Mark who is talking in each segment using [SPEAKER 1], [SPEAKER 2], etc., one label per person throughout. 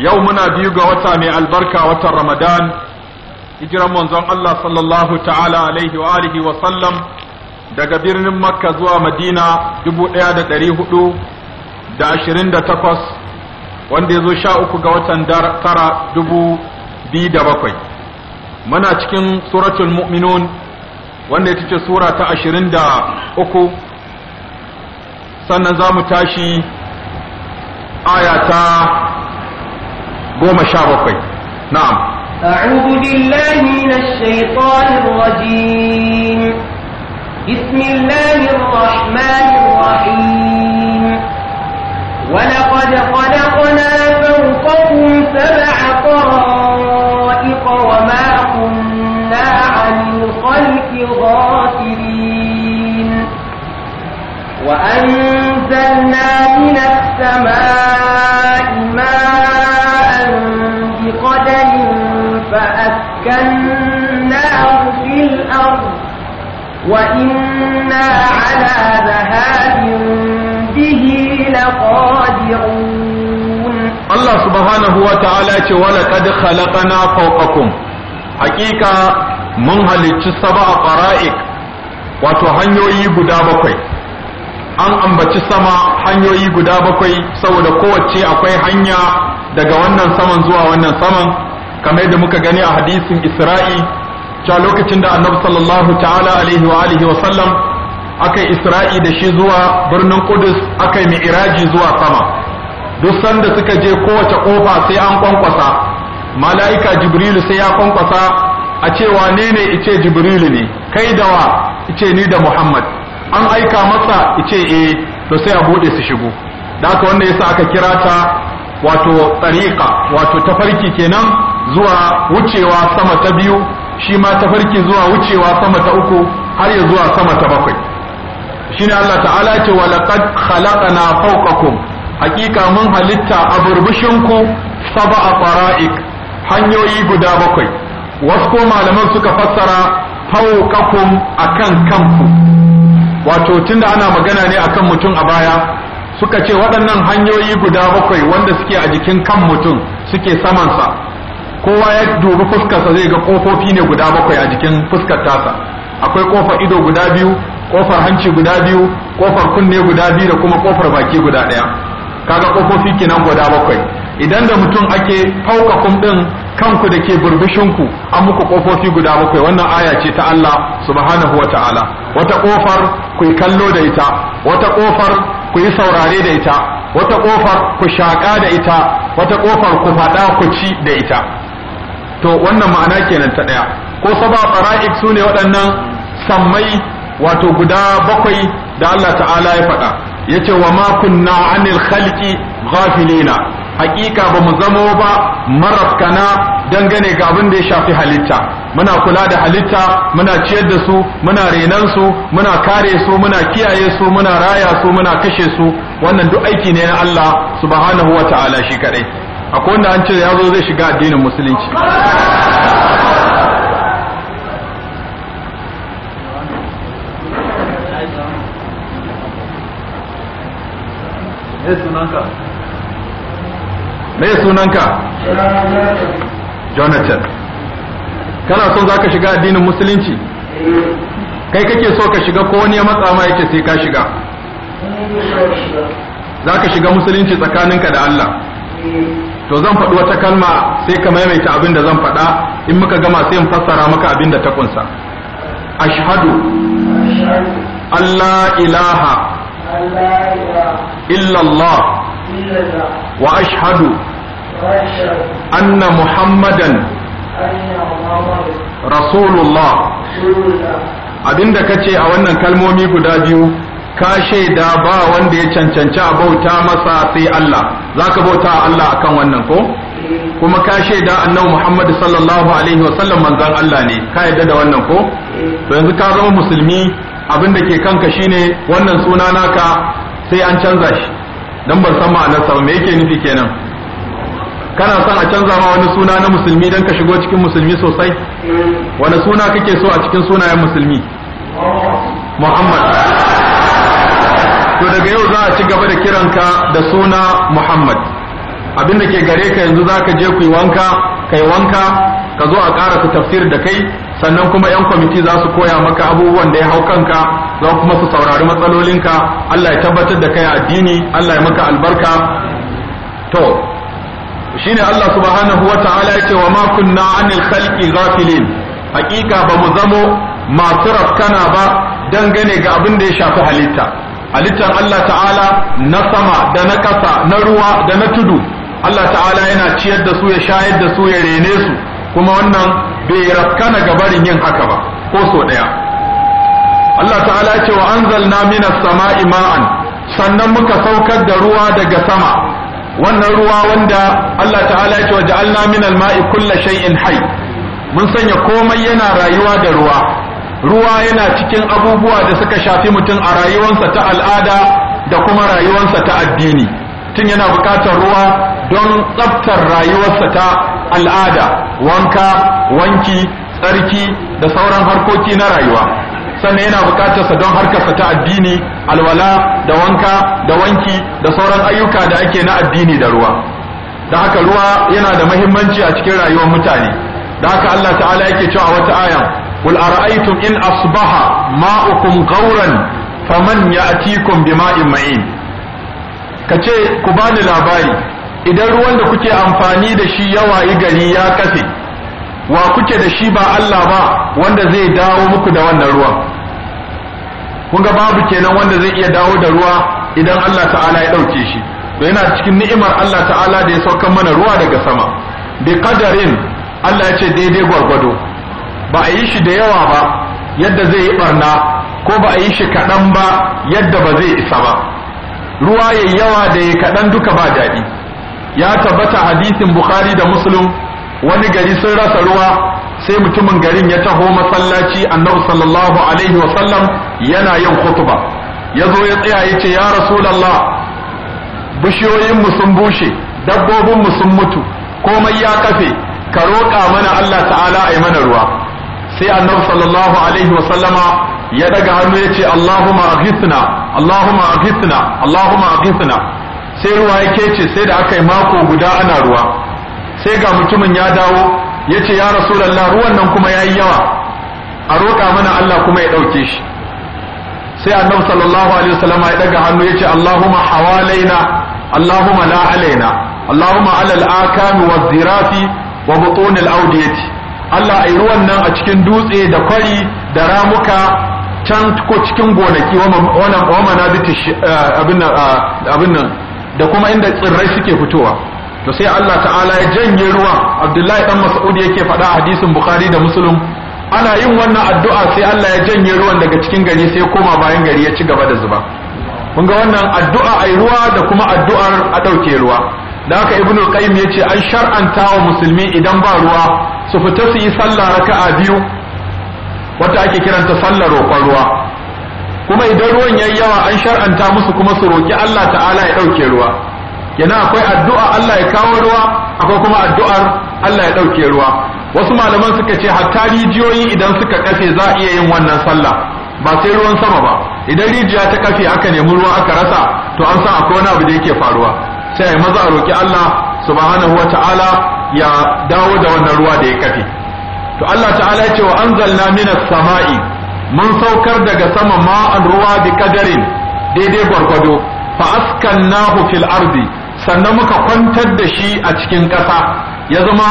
[SPEAKER 1] yau muna biyu ga wata mai albarka watan ramadan hijiran manzon Allah sallallahu ta'ala alaihi wa alihi wa sallam daga birnin makka zuwa madina dubu ɗaya da ɗari hudu da ashirin da takwas wanda ya zo sha uku ga watan tara dubu biyu da bakwai muna cikin suratul mu'minun wanda ya tace sura ta ashirin da uku sannan za mu tashi aya ta goma sha bakwai na'am
[SPEAKER 2] a'udhu billahi minash shaitanir rajim bismillahir rahmanir rahim wa laqad khalaqna وإنا على ذهاب به لقادرون
[SPEAKER 1] الله سبحانه وتعالى ولقد خلقنا فوقكم حقيقة من هل wato hanyoyi وتهنيوي bakwai. an ambaci sama hanyoyi guda bakwai saboda kowace akwai hanya daga wannan saman zuwa wannan saman kamar da muka gani a hadisin isra'i cewa lokacin da annabi sallallahu ta'ala alaihi wa alihi wa sallam akai isra'i da shi zuwa birnin Qudus akai mi'raji zuwa sama duk sanda suka je kowace kofa sai an kwankwasa mala'ika jibrilu sai ya kwankwasa a ce wane ne ice jibrilu ne kai da wa ice ni da muhammad an aika masa ice eh to sai a bude su shigo da haka wanda yasa aka kira ta wato tsariƙa wato tafarki kenan zuwa wucewa sama ta biyu shi ma farki zuwa wucewa sama ta uku har ya zuwa sama ta bakwai shine Allah ta'ala ce wa laqad khalaqna fawqakum hakika mun halitta a burbushinku sab'a qara'iq hanyoyi guda bakwai wasu ko malaman suka fassara fawqakum akan kanku wato tunda ana magana ne akan mutum a baya suka ce waɗannan hanyoyi guda bakwai wanda suke a jikin kan mutum suke samansa kowa ya dubi fuskarsa zai ga kofofi ne guda bakwai a jikin fuskar tasa akwai kofar ido guda biyu kofar hanci guda biyu kofar kunne guda biyu da kuma kofar baki guda ɗaya kaga kofofi kenan guda bakwai idan da mutum ake fauka kum din kanku da ke burbushinku an muku kofofi guda bakwai wannan aya ce ta Allah subhanahu wa ta'ala wata kofar ku yi kallo da ita wata kofar ku yi saurare da ita wata kofar ku shaka da ita wata kofar ku faɗa ku ci da ita to wannan ma'ana kenan ta ɗaya ko saba fara'ik su ne waɗannan sammai wato guda bakwai da Allah ta'ala ya faɗa ya ce wa ma kunna anil khalqi ghafilina hakika ba mu zamo ba marafkana dangane ga abin da ya shafi halitta muna kula da halitta muna ciyar da su muna renan su muna kare su muna kiyaye su muna raya su muna kashe su wannan duk aiki ne na Allah subhanahu wa ta'ala shi kadai akwai wanda an ce ya zo zai shiga addinin musulunci me sunanka jonathan kana son za ka shiga addinin musulunci kai kake so ka shiga ko wani ya matsa ma yake sai ka shiga za ka shiga musulunci tsakaninka da allah to zan faɗi wata kalma sai ka maimaita abin da zan faɗa in muka gama sai in fassara maka abin da ta kunsa ashhadu Allah ilaha illallah wa ashhadu anna muhammadan rasulullah abinda kace a wannan kalmomi guda biyu ka shaida ba wanda ya cancanci a bauta masa sai Allah zaka bauta Allah akan wannan ko kuma ka shaida annabi Muhammad sallallahu alaihi wasallam manzon Allah ne ka yarda da wannan ko to yanzu ka zama musulmi abin da ke kanka shine wannan suna naka sai an canza shi dan ban san ma'anar sa me yake nufi kenan kana son a canza ma wani suna na musulmi dan ka shigo cikin musulmi sosai wani suna kake so a cikin sunayen musulmi Muhammad to daga yau za a ci gaba da kiranka da suna Muhammad abinda ke gare ka yanzu za ka je ku yi wanka kai wanka ka zo a ƙara su tafsir da kai sannan kuma 'yan kwamiti za su koya maka abubuwan da ya hau kanka za kuma su saurari matsalolinka Allah ya tabbatar da kai addini Allah ya maka albarka to shine Allah subhanahu wa ta'ala ya ce wa ma kunna anil khalqi ghafilin hakika ba mu zamo masu rafkana ba dangane ga abin da ya shafi halitta halittar Allah ta'ala na sama da na ƙasa na ruwa da na tudu Allah ta'ala yana ciyar da su ya shayar da su ya rene su kuma wannan bai raskana gabarin yin haka ba ko so ɗaya
[SPEAKER 3] Allah ta'ala ce wa anzalna minas sama'i ma'an
[SPEAKER 1] sannan muka saukar da ruwa daga sama wannan ruwa wanda Allah ta'ala ce wa ja'alna minal ma'i kulla shay'in hayy mun sanya komai yana rayuwa da ruwa ruwa yana cikin abubuwa da suka shafi mutum a rayuwarsa ta al'ada da kuma rayuwarsa ta addini tun yana buƙatar ruwa don tsabtar rayuwarsa ta al'ada wanka wanki tsarki da sauran harkoki na rayuwa sannan yana bukatarsa don harkarsa ta addini alwala da wanka da wanki da sauran ayyuka da ake na addini da ruwa da haka ruwa yana da mahimmanci a cikin rayuwar mutane da haka Allah ta'ala yake cewa wata aya قل أرأيتم إن أصبح ماؤكم غورا فمن يأتيكم بماء معين كتي كبان labari idan ruwan da kuke amfani da shi yawayi gari ya kafe wa kuke da shi ba Allah ba wanda zai dawo muku da wannan ruwan kun ga babu kenan wanda zai iya dawo da ruwa idan Allah ta'ala ya ɗauke shi to yana cikin ni'imar Allah ta'ala da ya saukan mana ruwa daga sama bi qadarin Allah ya ce daidai gwargwado ba a yi shi da yawa ba yadda zai yi barna ko ba a yi shi kaɗan ba yadda ba zai isa ba ruwa ya yawa da ya kaɗan duka ba daɗi ya tabbata hadisin bukhari da muslim wani gari sun rasa ruwa sai mutumin garin ya taho masallaci annabi sallallahu alaihi wa sallam yana yin khutba ya zo ya tsaya ya ce ya rasulallah mu sun bushe dabbobin mu sun mutu komai ya kafe ka roƙa mana Allah ta'ala a yi mana ruwa sai annabi sallallahu alaihi wa sallama ya daga hannu ya ce Allahumma aghithna Allahumma aghithna Allahumma aghithna sai ruwa ya ce, sai da aka yi mako guda ana ruwa sai ga mutumin ya dawo ya ce ya rasulullah ruwan nan kuma yayi yawa a roƙa mana Allah kuma ya ɗauke shi sai annabi sallallahu alaihi wasallama ya daga hannu ya ce Allahumma hawalaina Allahumma la alaina Allahumma alal akami wa zirafi wa butunil audiyati Allah a yi ruwan nan a cikin dutse da kwari da ramuka can ko cikin gonaki wa manabiti eh, eh, abin nan da kuma inda tsirrai suke fitowa to sai Allah ta'ala ya janye ruwa Abdullahi dan Mas'ud yake faɗa a hadisin Bukhari da Muslim
[SPEAKER 4] ana yin wannan addu'a sai Allah ya janye ruwan
[SPEAKER 1] daga cikin gari sai koma bayan gari ya ci gaba da zuba kun ga wannan addu'a ai ruwa da kuma addu'ar a ɗauke ruwa da haka ibnu qayyim yace an shar'anta wa musulmi idan ba ruwa su fita su yi sallah raka'a biyu wata ake kiranta sallar roƙon ruwa kuma idan ruwan yayi yawa an shar'anta musu kuma su roƙi Allah ta'ala ya ɗauke ruwa yana akwai addu'a Allah ya kawo ruwa akwai kuma addu'ar Allah ya ɗauke ruwa wasu malaman suka ce hatta rijiyoyi idan suka kafe za a iya yin wannan sallah ba sai ruwan sama ba idan rijiya ta kafe aka nemi ruwa aka rasa to an san akwai wani abu da yake faruwa sai ya maza a roƙi Allah subhanahu wa ta'ala ya dawo da wannan ruwa da ya kafe to Allah ta'ala ya ce wa anzalna minas sama'i mun saukar daga sama ma'an ruwa bi kadarin daidai gwargwado fa askannahu fil ardi sannan muka kwantar da shi a cikin ƙasa ya zama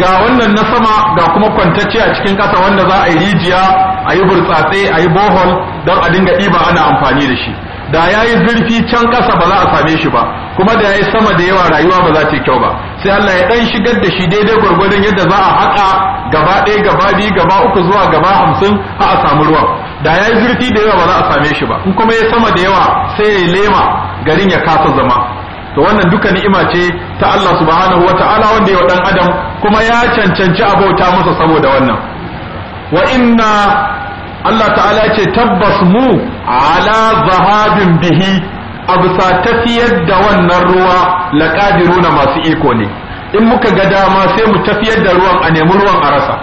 [SPEAKER 1] ga wannan na sama ga kuma kwantacce a cikin ƙasa wanda za a yi rijiya a yi burtsatse a yi bohol don a dinga ɗiba ana amfani da shi da ya yi zurfi can ƙasa ba za a same shi ba kuma da ya yi sama da yawa rayuwa ba za ta yi kyau ba sai Allah ya ɗan shigar da shi daidai gwargwadon yadda za a haƙa gaba ɗaya gaba biyu gaba uku zuwa gaba hamsin har a samu ruwan da ya yi zurfi da yawa ba za a same shi ba in kuma ya sama da yawa sai ya lema garin ya kasa zama to wannan duka ni'ima ce ta Allah subhanahu wa ta'ala wanda ya dan adam kuma ya cancanci abauta masa saboda wannan wa inna Allah ta'ala ce tabbas mu ala zahabin bihi a bisa tafiyar da wannan ruwa laƙadiru na masu iko ne in muka ga dama sai mu tafiyar da ruwan a nemi ruwan a rasa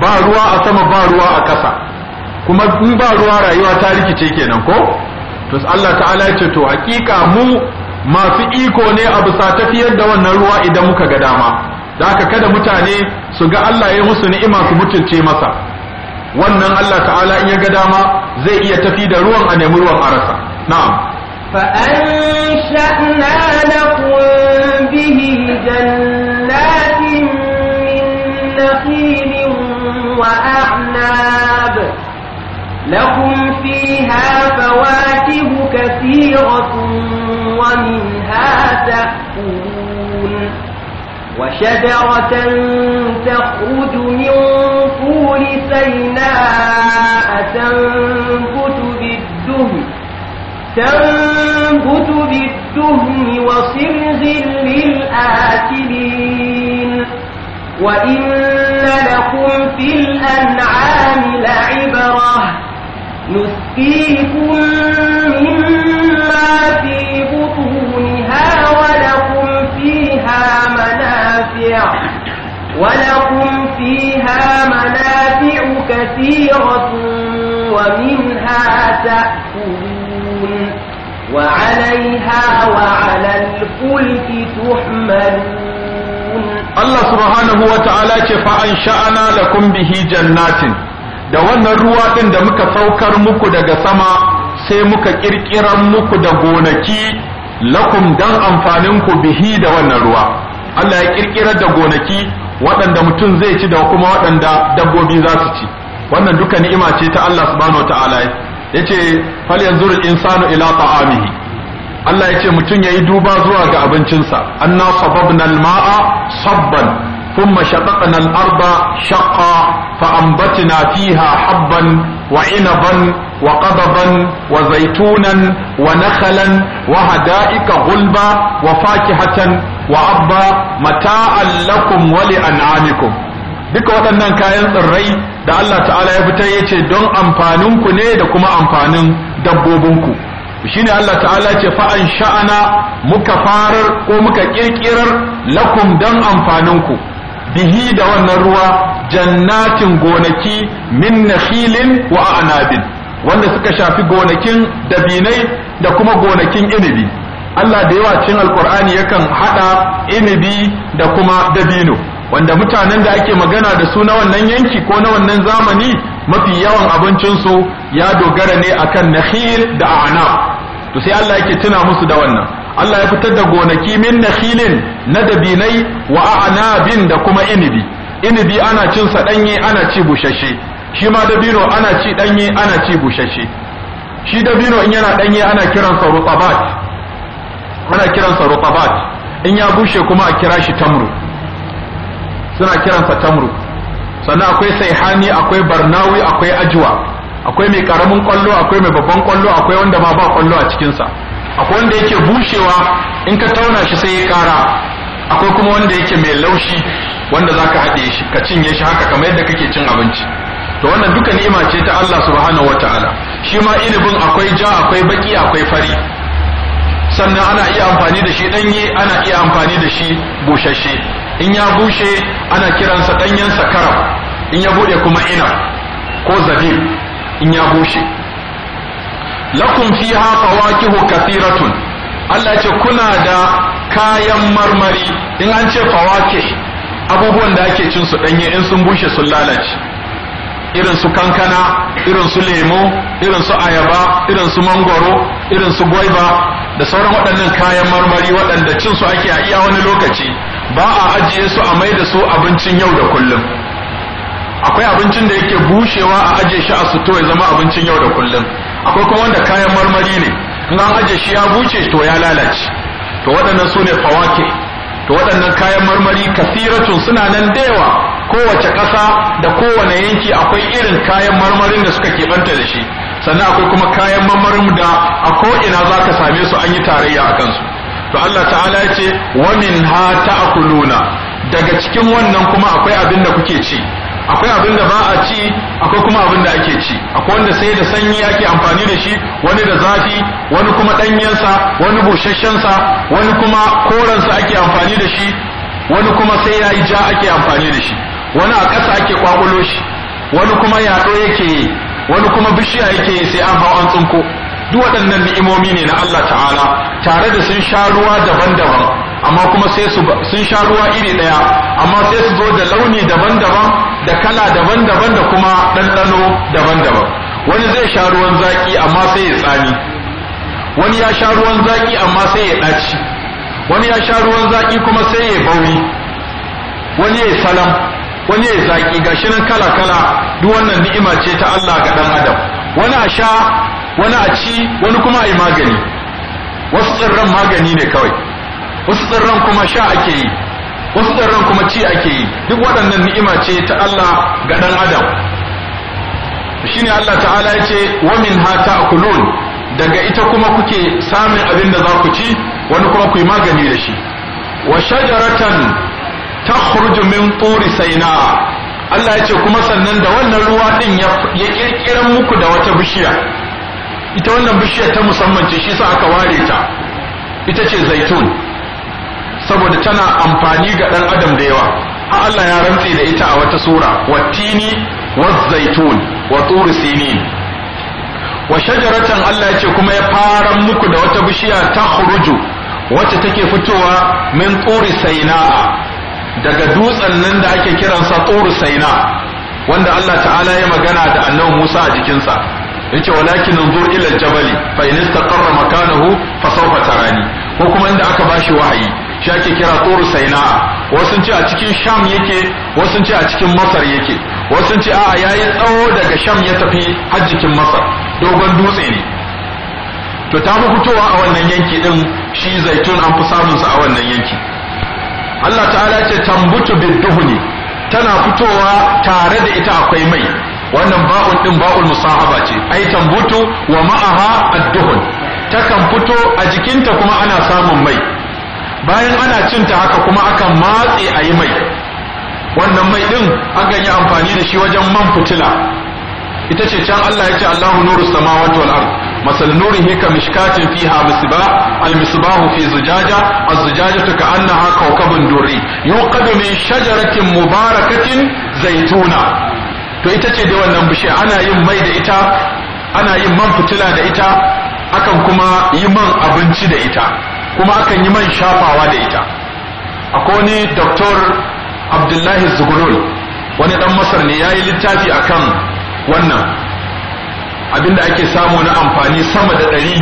[SPEAKER 1] ba ruwa a sama ba ruwa a ƙasa kuma in ba ruwa rayuwa ta rikice kenan ko to Allah ta'ala ce to hakika mu masu iko ne a bisa tafiyar da wannan ruwa idan muka ga dama da haka kada mutane su ga Allah ya musu ni'ima su mutunce masa wannan Allah ta'ala in ya ga dama zai iya tafi da ruwan a nemi ruwan arasa na'am
[SPEAKER 2] fa ansha'na lakum bihi jannatin min nakhilin wa a'nab lakum fiha fawakih kathiratun wa minha ta'kulun وشجرة تخرج من طول سيناء تنبت بالدهن تنبت بالدهن وصرغ للآكلين وإن لكم في الأنعام لعبرة نسقيكم مما في بطونها ولكم فيها منافع ولكم فيها منافع كثيرة ومنها تأكلون وعليها وعلى الفلك تحملون الله سبحانه وتعالى
[SPEAKER 1] فأنشأنا لكم به جنات da wannan ruwa ɗin da muka saukar muku daga sama sai muka ƙirƙiran muku da gonaki lakum dan amfaninku bihi da wannan ruwa
[SPEAKER 4] Allah ya ƙirƙirar da
[SPEAKER 1] gonaki waɗanda mutum zai ci da kuma waɗanda dabbobi za su ci wannan duka ni'ima ce ta Allah subhanahu wataala yace fal yanzu insanu ila ta'amihi Allah yace mutum yayi duba zuwa ga abincinsa anna sababna al-ma'a sabban thumma shaqaqna al-arda shaqqa fa anbatna fiha habban wa inaban wa qadaban wa zaitunan wa nakhlan wa hada'ika ghulba wa fakihatan wa abba mata'an lakum duka waɗannan kayan tsirrai da Allah ta'ala ya fita ya ce don amfaninku ne da kuma amfanin dabbobinku Shi ne Allah ta'ala ce fa'an sha'ana muka farar ko muka ƙirƙirar lakum don amfaninku bihi da wannan ruwa jannatin gonaki min nakhilin wa anabin wanda suka shafi gonakin dabinai da kuma gonakin inibi Allah da yawa cikin alkur'ani yakan haɗa inibi da kuma dabino wanda mutanen da ake magana da su na wannan yanki ko na wannan zamani mafi yawan abincinsu ya dogara ne akan nakhil da ana to sai Allah yake tuna musu da wannan Allah ya fitar da gonaki min nakhilin na dabinai wa anabin da kuma inibi inibi ana cin sa danye ana ci bushashe shi ma dabino ana ci danye ana ci bushashe shi dabino in yana danye ana kiransa rutabat ana kiransa rutabat in ya bushe kuma a kira shi tamru suna kiransa tamru sannan akwai saihani akwai barnawi akwai ajwa akwai mai karamin kwallo akwai mai babban kwallo akwai wanda ma ba kwallo a cikinsa akwai wanda yake bushewa in ka tauna shi sai ya kara akwai kuma wanda yake mai laushi wanda za ka haɗe shi ka cinye shi haka kamar yadda kake cin abinci to wannan duka ni'ima ce ta Allah subhanahu wataala shi ma ilimin akwai ja akwai baki akwai fari sannan ana iya amfani da shi danye ana iya amfani da shi bushashe in ya bushe ana kiransa danyen sakara in ya bude kuma ina ko zabib in ya bushe lakum fiha fawakihu kathiratun Allah ce kuna da kayan marmari in an ce fawakih abubuwan da ake cin su danye in sun bushe sun lalace irin su kankana irin su lemo irin su ayaba irin su mangoro irin su gwaiba da sauran waɗannan kayan marmari waɗanda cin su ake a iya wani lokaci ba a ajiye su a mai da su abincin yau da kullum akwai abincin da yake bushewa a ajiye shi a suto ya zama abincin yau da kullum akwai kuma wanda kayan marmari ne in an ajiye shi ya buce to ya lalace to waɗannan su ne fawake to waɗannan kayan marmari kasiratun suna nan da yawa kowace ƙasa da kowane yanki akwai irin kayan marmarin da suka keɓanta da shi sannan akwai kuma kayan marmarin da a ko'ina za ka same su an yi tarayya a kansu to Allah ta'ala ya ce wa min ha ta'kuluna daga cikin wannan kuma akwai abin da kuke ci akwai abin da ba a ci akwai kuma abin da ake ci akwai wanda sai da sanyi ake amfani da shi wani da zafi wani kuma ɗanyensa wani busasshensa wani kuma korensa ake amfani da shi wani kuma sai ya yi ja ake amfani da shi wani a ƙasa ake kwakulo shi wani kuma yaɗo yake yi wani kuma bishiya yake yi sai an hau an tsinko duk waɗannan ni'imomi ne na Allah ta'ala tare da sun sha ruwa daban-daban amma kuma sai su sun sha ruwa iri ɗaya amma sai su zo da launi daban-daban da kala daban-daban da kuma ɗanɗano daban-daban wani zai sha ruwan zaki amma sai ya tsani
[SPEAKER 3] wani ya sha ruwan zaki amma sai ya ɗaci
[SPEAKER 1] wani ya sha ruwan zaki kuma sai ya bauri wani ya salam wani ya zaki gashi nan kala-kala duk wannan ni'ima ce ta Allah ga ɗan adam wani a sha wani a ci wani kuma a magani wasu tsirran magani ne kawai wasu tsirran kuma sha ake yi wasu tsirran kuma ci ake yi duk waɗannan ni'ima ce ta Allah ga ɗan adam ne Allah ta'ala ya ce wa min ha akulun daga ita kuma kuke samun abin da za ku ci wani kuma ku yi magani da shi wa shajaratan takhruju min turi saina Allah ya ce kuma sannan da wannan ruwa din ya kirkiran muku da wata bishiya ita wannan bishiyar ta musamman ce shi sa aka ware ta ita ce zaitun saboda tana amfani ga ɗan adam da yawa Allah ya rantse da ita a wata sura wattini zaitun wa turi wa shajaratan Allah ya kuma ya fara muku da wata bishiya ta huruju wacce take fitowa min turi saina'a daga dutsen nan da ake kiransa turi wanda Allah ta'ala ya magana da annabi Musa a jikinsa yace walakin nzur ila jabali fa in istaqarra makanahu fa sawfa tarani ko kuma inda aka bashi wahayi shi ake kira turu saina'a wasu ce a cikin sham yake wasu ce a cikin masar yake wasu ce a'a yayi tsawo daga sham ya tafi har jikin masar dogon dutse ne to ta fitowa a wannan yanki din shi zaitun an fi samun sa a wannan yanki Allah ta'ala ce tambutu bid tana fitowa tare da ita akwai mai wannan ba'un din ba'ul musahaba ce ai tambutu wa ma'aha ad-duhun takan fito a jikinta kuma ana samun mai bayan ana cinta haka kuma akan matse a yi mai wannan mai din akan yi amfani da shi wajen man fitila ita ce can Allah ya ce Allahu nuru samawati wal ard masal nurihi ka mishkatin fiha misbah al misbahu fi zujaja az zujajatu ka annaha kawkabun duri yuqadu min shajaratin mubarakatin zaituna to ita ce da wannan bishiya ana yin mai da ita ana yin man fitila da ita akan kuma yi man abinci da ita kuma akan yi man shafawa da ita akwai wani doktor abdullahi zugurul wani dan masar ne ya yi littafi akan wannan abinda ake samu na amfani sama da ɗari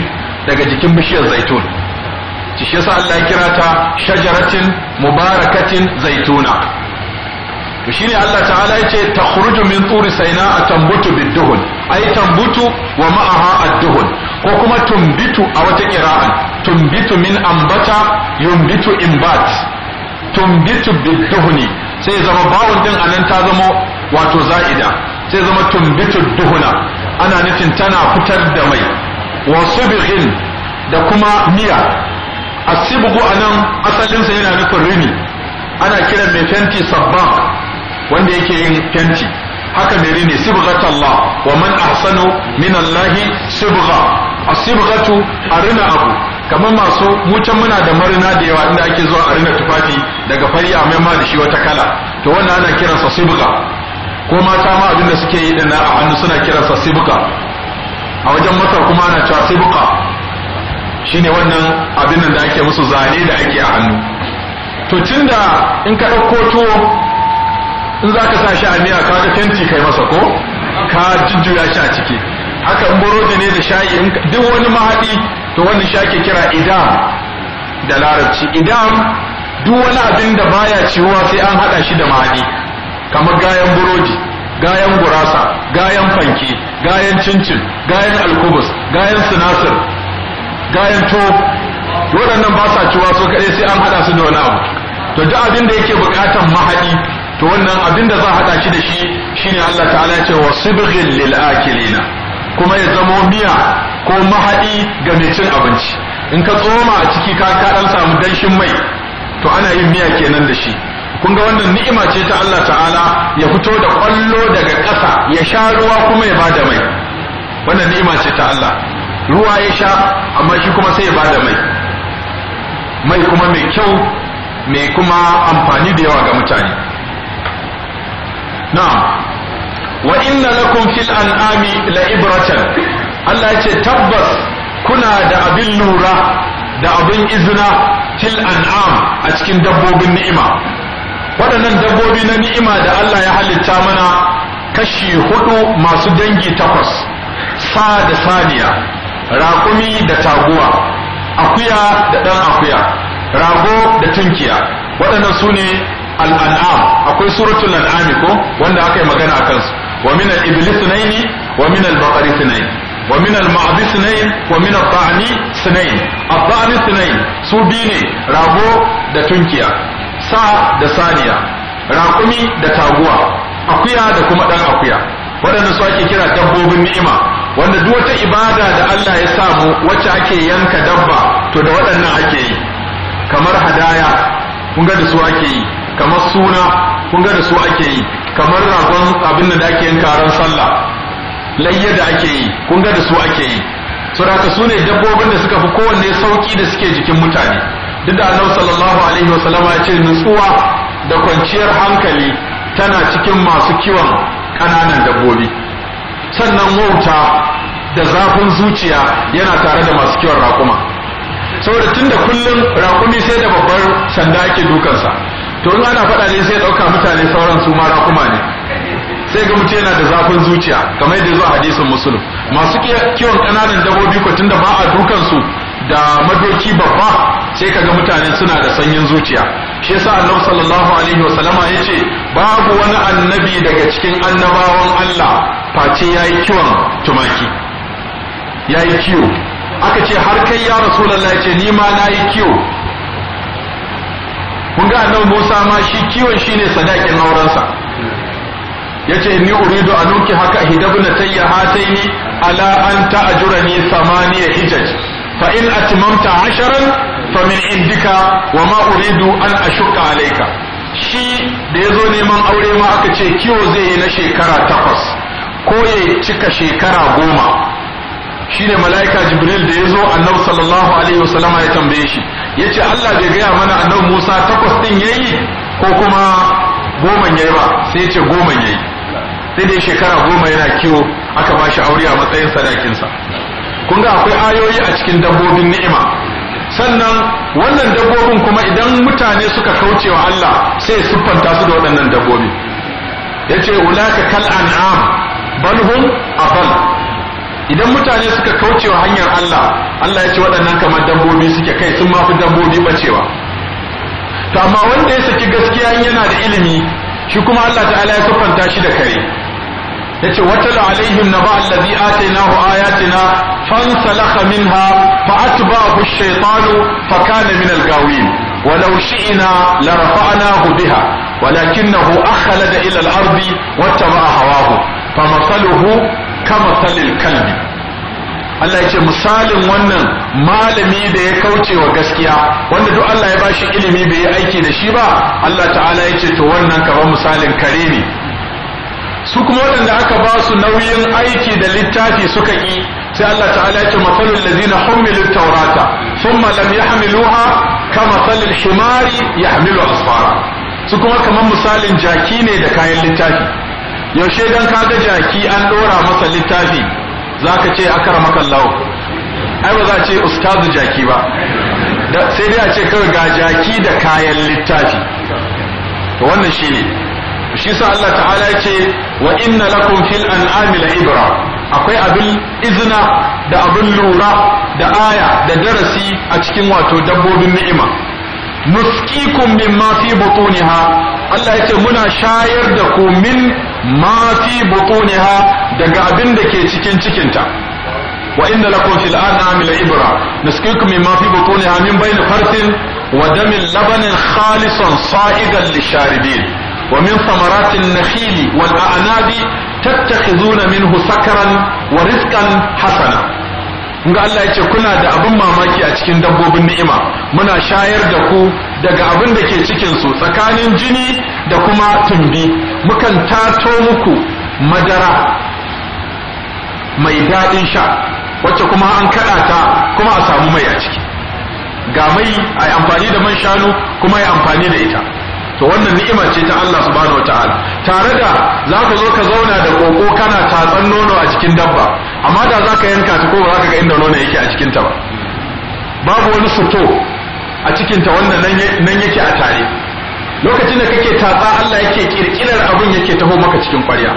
[SPEAKER 1] daga jikin bishiyar zaitun shi yasa Allah ya kira ta shajaratin mubarakatin zaituna to shine Allah ta'ala yace takhruju min turi saina tambutu bidduhun ay tambutu wa ma'aha a duhun ko kuma tumbitu a wata qira'a tumbitu min ambata yumbitu imbat tumbitu bidduhuni sai zama bawun din anan ta zama wato za'ida sai zama tumbitu duhuna ana nufin tana fitar da mai wa subghin da kuma miya asibgu anan asalinsa yana nufin rini ana kiran mai fenti sabban wanda yake yin fenti haka ne sibghatullah wa man ahsanu min Allah sibgha as-sibghatu arina abu kamar masu mucan muna da marina da yawa inda ake zuwa arina tufafi daga fari a maima da shi wata kala to wannan ana kiransa sibgha ko mata ma abinda suke yi dana a hannu suna kiransa sibgha a wajen masar kuma ana cewa sibgha shine wannan abin da ake musu zane da ake a hannu to tunda in ka ɗauko tuwo in za ka sa shi a miya ka tenti kai masa ko ka jujjuya shi a ciki haka burodi ne da shayi duk wani mahaɗi to wani sha ke kira idam da larabci idam duk wani abin da baya ciwa sai an haɗa shi da mahadi
[SPEAKER 4] kamar gayan burodi
[SPEAKER 1] gayan gurasa gayan fanke gayan cincin gayan alkubus gayan sinasir gayan to waɗannan ba sa ciwa so kaɗai sai an haɗa su da wani abu to duk abin da yake buƙatan mahaɗi to wannan abin da za a haɗa shi da shi shine Allah ta'ala ya ce wa sibghil lil akilina kuma ya zamo miya ko mahadi ga mai cin abinci in ka tsoma a ciki ka ka dan samu danshin mai to ana yin miya kenan da shi kun ga wannan ni'ima ce ta Allah ta'ala ya fito da kwallo daga ƙasa ya sha ruwa kuma ya bada mai wannan ni'ima ce ta Allah ruwa ya sha amma shi kuma sai ya bada mai mai kuma mai kyau mai kuma amfani da yawa ga mutane na'am wa inna lakum fil an'ami la Allah yace ce tabbas kuna da abin lura da abin izina fil an'am a cikin dabbobin ni'ima waɗannan dabbobi na ni'ima da Allah ya halitta mana kashi hudu masu dangi takwas sa da saniya raƙumi da taguwa akuya da ɗan akuya rago da tunkiya waɗannan sune. al’an’am akwai suratul al'ami ko wanda aka yi magana akan su wa min al-iblis sunaini wa min al-baqari wa min al wa min al-ta'ni sunain al-ta'ni su bi ne rago da tunkiya sa da saniya Rakumi da taguwa akuya da kuma ɗan akuya waɗanda su ake kira dabbobin ni'ima wanda duk wata ibada da Allah ya samu wacce ake yanka dabba to da waɗannan ake yi kamar hadaya kun ga da su ake yi kamar suna kun ga da su ake yi kamar ragon abin da ake yanka karan sallah layya da ake yi kun ga da su ake yi saboda su ne dabbobin da suka fi kowanne sauki da suke jikin mutane duk da Allah sallallahu alaihi wa sallama ya ce nutsuwa da kwanciyar hankali tana cikin masu kiwon ƙananan dabbobi sannan wauta da zafin zuciya yana tare da masu kiwon rakuma saboda tunda da kullum raƙumi sai da babbar sanda ake dukansa to in ana faɗa ne sai ɗauka mutane sauran su mara kuma ne sai ga mutum yana da zafin zuciya kamar yadda zuwa hadisin musulun masu kiwon ƙananan dabbobi ko tunda ba a dukan su da madoki babba sai kaga mutane suna da sanyin zuciya shi yasa annabi sallallahu alaihi wa sallama yace babu wani annabi daga cikin annabawan Allah face yayi kiwon tumaki yayi kiwo aka ce har kai ya rasulullahi ce ni ma nayi kiwo kun ga annabi Musa ma shi kiwon shine sadakin aurensa yace inni uridu a nuki haka hidabna tayya hataini ala an ta'jurani samaniya hijaj fa in atmamta asharan fa min indika wa ma uridu an ashuka alaika. shi da ya zo neman aure ma aka ce kiwo zai yi na shekara takwas ko ya cika shekara goma shine mala'ika jibril da ya zo annabi sallallahu alaihi wasallam ya tambaye shi yace Allah bai gaya mana annabi Musa takwas din yayi ko kuma goma yayi ba sai yace goma yayi sai dai shekara goma yana kiwo aka ba shi aure a matsayin sadakinsa kun ga akwai ayoyi a cikin dabbobin ni'ima sannan wannan dabbobin kuma idan mutane suka kauce wa Allah sai siffanta su da waɗannan dabbobi yace ulaka kal an'am balhum afal idan mutane suka kauce wa hanyar Allah Allah ya ce waɗannan kamar dabbobi suke kai sun mafi dambobi bacewa to amma wanda ya saki gaskiya yana da ilimi shi kuma Allah ta'ala ya siffanta shi da kare yace watala alaihim naba allazi atainahu ayatina fansalakha minha fa atba'ahu ash-shaytanu fa kana min al-gawin walau shi'na da rafa'nahu biha walakinahu akhlada ila al-ardi hawahu فمثله kama salil kalbi Allah ya ce misalin wannan malami da ya kauce wa gaskiya wanda duk Allah ya bashi ilimi bai yi aiki da shi ba Allah ta'ala ya ce to wannan kamar misalin kare ne su kuma waɗanda aka ba su nauyin aiki da littafi suka ƙi sai Allah ta'ala ya ce masalul taurata, humilu tawrata thumma lam yahmiluha kama salil himari yahmilu asfara su kuma kamar misalin jaki ne da kayan littafi yaushe dan kaga jaki an dora masa littafi zaka ce akara makallahu ai ba za ce ustazu jaki ba sai dai a ce kawai ga jaki da kayan littafi to wannan shine shi sa Allah ta'ala ya ce wa inna lakum fil an'ami la ibra akwai abin izina da abin lura da aya da darasi a cikin wato dabbobin ni'ima nuskikum mimma fi butuniha Allah ya ce muna shayar da ku min ma fi butuniha daga abin da ke cikin cikinta wa inda lakum fil an'ami la ibra nuskikum mimma fi butuniha min bayni farsin wa damin labanin khalisan fa'igan lisharibin wa min thamaratin nakhili wal a'nabi tattakhizuna minhu sakran wa rizqan hasana ga Allah ya kuna da abin mamaki a cikin dabbobin ni'ima muna shayar da ku daga abin da ke cikin su tsakanin jini da kuma tumbi mukan tato muku madara mai daɗin sha wacce kuma an kaɗa ta kuma a samu mai a ciki ga mai a amfani da man shanu kuma ya amfani da ita to wannan ni'ima ce ta Allah subhanahu wataala tare da za ka zo ka zauna da koko kana tatsan nono a cikin dabba amma da za ka yanka ta ko ba ka ga inda nono yake a cikinta ba babu wani suto a cikinta wannan nan yake a tare lokacin da kake tatsa Allah yake kirkirar abin yake taho maka cikin kwarya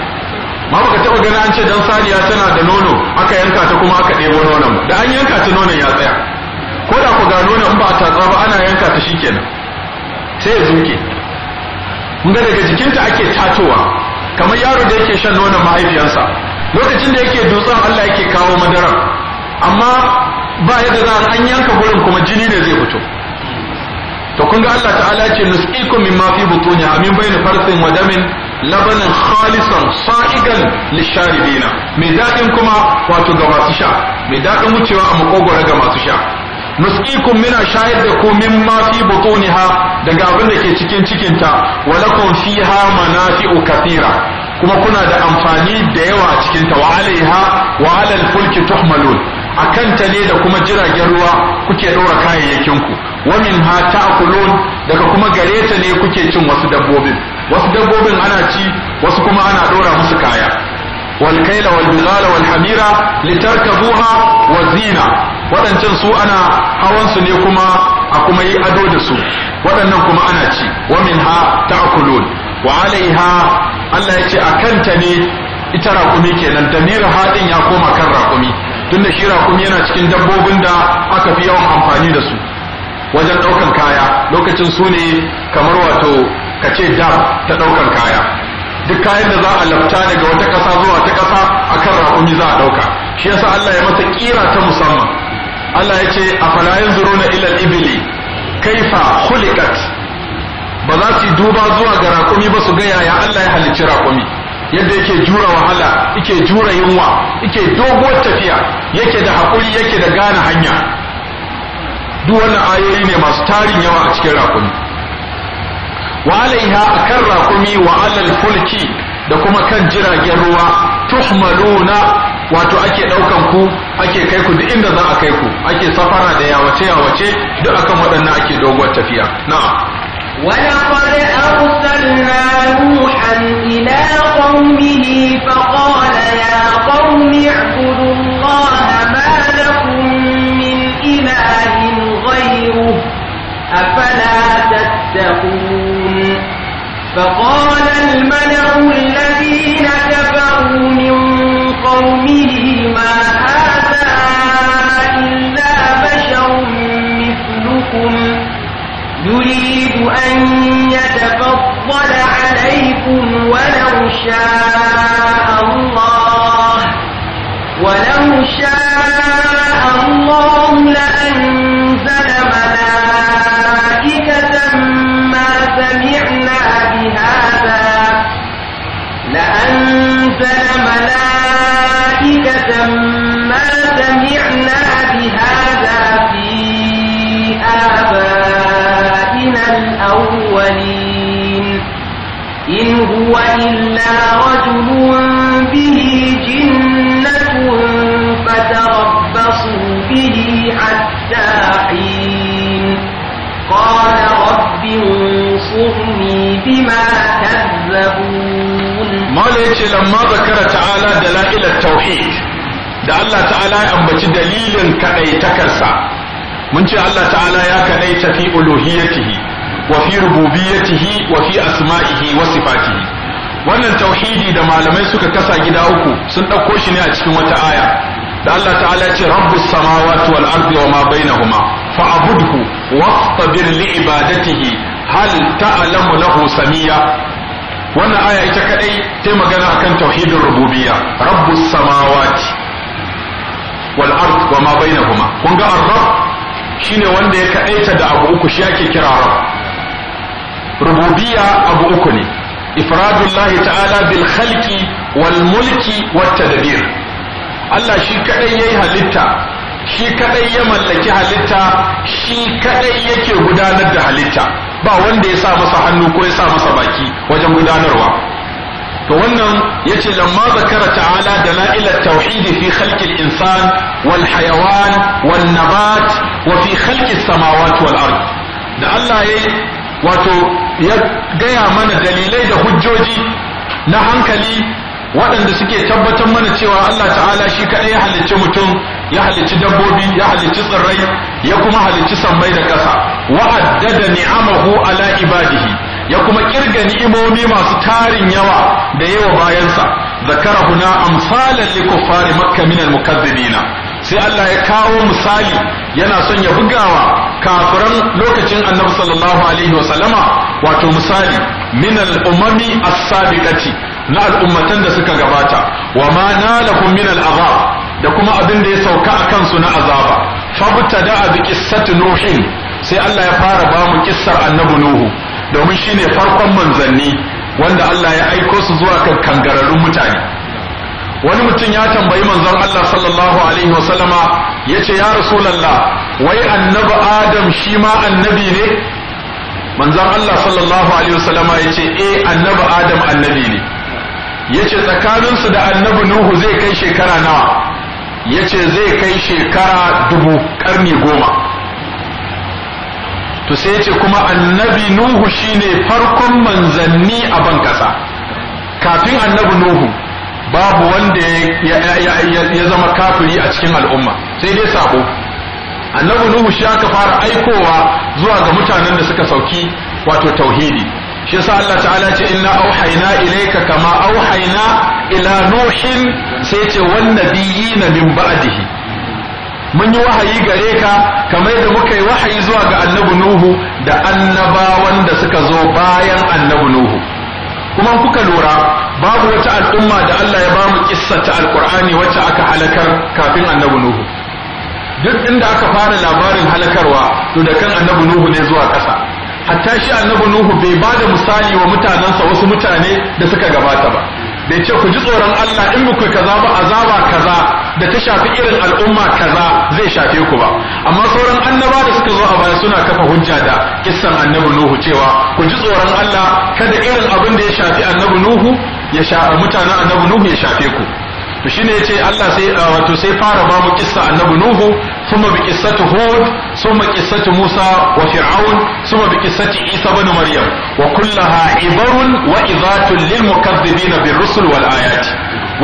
[SPEAKER 1] ma baka taba gani an ce dan saniya tana da nono aka yanka ta kuma aka debo nonon da an yanka ta nonon ya tsaya ko da ku ga nonon ba a tatsa ba ana yanka ta shikenan sai ya zuke ga daga jikinta ake tatowa kamar yaro da yake shan nonon mahaifiyarsa lokacin da yake dutsen Allah yake kawo madara amma ba yadda za an yanka gurin kuma jini ne zai fito to kun ga Allah ta'ala ce min mimma fi butuni amin bayna farsin wa damin labanan khalisan sa'igan lisharibina mai daɗin kuma wato ga masu sha mai daɗin wucewa a makogoro ga masu sha nusqikum mina shayar da ku mimma fi butuniha daga abin da ke cikin cikinta wa lakum fiha manafi'u kathira kuma kuna da amfani da yawa a cikinta wa alaiha wa ala alfulki tuhmalun akan ta ne da kuma jiragen ruwa kuke ɗora kayayyakin ku wa min ha ta'kulun daga kuma gare ta ne kuke cin wasu dabbobin wasu dabbobin ana ci wasu kuma ana ɗora musu kaya wal kaila wal bilala wal hamira wa zina waɗancan su ana hawan su ne kuma a kuma yi ado da su waɗannan kuma ana ci wa ta ta'kulun wa alaiha Allah ya ce kanta ne ita raƙumi kenan damir haɗin ya koma kan raƙumi tunda shi raƙumi yana cikin dabbobin da aka fi yawan amfani da su wajen ɗaukan kaya lokacin su ne kamar wato ka ce ta ɗaukan kaya duk kayan da za a lafta daga wata ƙasa zuwa ta ƙasa akan raƙumi za a ɗauka shi yasa Allah ya masa ƙira ta musamman Allah ya ce afala yanzuruna na ilal ibili kaifa hulikat ba za su duba zuwa ga raƙumi ba su gaya ya Allah ya halicci raƙumi yadda yake jura wahala yake jura yunwa yake doguwar tafiya yake da haƙuri yake da gane hanya duk wannan ayoyi ne masu tarin yawa a cikin rakumi wa alaiha akan rakumi wa alal fulki da kuma kan jiragen ruwa tuhmaluna wato ake daukan ku ake kai ku duk inda za a kai ku ake safara da yawace yawace duk akan waɗannan ake doguwar tafiya na'am
[SPEAKER 2] ولقد أرسلنا نوحا إلى قومه فقال يا قوم اعبدوا الله فقال الملأ الذين كفروا من قومه ما هذا إلا بشر مثلكم يريد أن يتفضل عليكم ولو شاء الله
[SPEAKER 4] ولو
[SPEAKER 2] شاء الله لأن ملائكة ما سمعنا بهذا في آبائنا الأولين إن هو إلا رجل به جنة فتربصوا به حتى حين قال رب انصرني بما كذبون
[SPEAKER 1] mala yace lamma zakara ta'ala la'ilar tauhid da Allah ta'ala ya ambaci dalilin kaɗaitakarsa mun ce Allah ta'ala ya kadaita fi uluhiyatihi wa fi rububiyatihi wa fi asma'ihi wa sifatihi wannan tauhidi da malamai suka kasa gida uku sun ɗauko shi ne a cikin wata aya da Allah ta'ala ce rabbus samawati wal ardi wa ma bainahuma fa'budhu wastabir li ibadatihi hal ta'lamu lahu samiya wannan aya ita kadai ta magana akan tauhidin rububiyya rabbus samawati wal ard wa ma bainahuma kun ga ar-rabb shine wanda ya kadaita da abu uku shi ake kira rabb rububiyya abu uku ne ifradullahi ta'ala bil khalqi wal mulki wat tadbir Allah shi kadai yayi halitta shi kadai ya mallaki halitta shi kadai yake gudanar da halitta ba wanda ya sa masa hannu ko ya sa masa baki wajen gudanarwa to wannan yace lamma zakara ta'ala dalail at-tauhid fi khalqi al-insan wal hayawan wal nabat wa fi khalqi as-samawati wal ard da Allah yayi wato ya gaya mana dalilai da hujjoji na hankali waɗanda suke tabbatar mana cewa Allah ta'ala shi kaɗai ya halicci mutum ya halicci dabbobi ya halicci tsirrai ya kuma halicci sammai da ƙasa wa'addada ni'amahu ala ibadihi ya kuma kirga ni'imomi masu tarin yawa da yawa bayansa zakara huna amsalan li kuffari makka min al sai Allah ya kawo misali yana son ya bugawa kafiran lokacin annabi sallallahu alaihi wa sallama wato misali min al umami as-sabiqati na al'ummatan da suka gabata wa ma nalahum min al'azab da kuma abin da ya sauka a kansu na azaba a bi qissati nuhin sai Allah ya fara ba mu kissar annabi nuhu domin shine farkon manzanni wanda Allah ya aiko su zuwa kan kangararrun mutane wani mutum ya tambayi manzon Allah sallallahu alaihi wasallama yace ya rasulullah wai annabi adam shi ma annabi ne manzon Allah sallallahu alaihi wasallama yace eh annabi adam annabi ne yace tsakaninsu da annabi nuhu zai kai shekara nawa yace zai kai shekara dubu karni goma to sai yace kuma annabi nuhu shine farkon manzanni a ban kafin annabi nuhu babu wanda ya zama kafiri a cikin al'umma sai dai sabo annabi nuhu shi aka fara aikowa zuwa ga mutanen da suka sauki wato tauhidi shi yasa Allah ta'ala ce inna auhayna ilayka kama auhayna ila nuhin sai ce wan nabiyina min ba'dihi mun yi wahayi gare ka kamar da muka yi wahayi zuwa ga annabi nuhu da annabawan da suka zo bayan annabi nuhu kuma kuka lura babu wata al'umma da Allah ya ba mu kissata alqur'ani wacce aka halakar kafin annabi nuhu duk inda aka fara labarin halakarwa to da kan annabi nuhu ne zuwa ƙasa hatta shi annabi nuhu bai ba da misali wa mutanensa wasu mutane da suka gabata ba bai ce ku ji tsoron Allah in ku kaza ba azaba kaza da ta shafi irin al'umma kaza zai shafe ku ba amma sauran annaba da suka zo a baya suna kafa hujja da kissan annabi nuhu cewa ku ji tsoron Allah kada irin abin da ya shafi annabi nuhu ya sha mutanen annabi nuhu ya shafe ku to shine yace Allah sai ah, wato sai fara ba mu kissa annabi nuhu kuma bi qissatu hud kuma musa wa fir'aun kuma bi isa ibn maryam wa kullaha ibarun wa izatun lil mukaththibin bir rusul wal ayat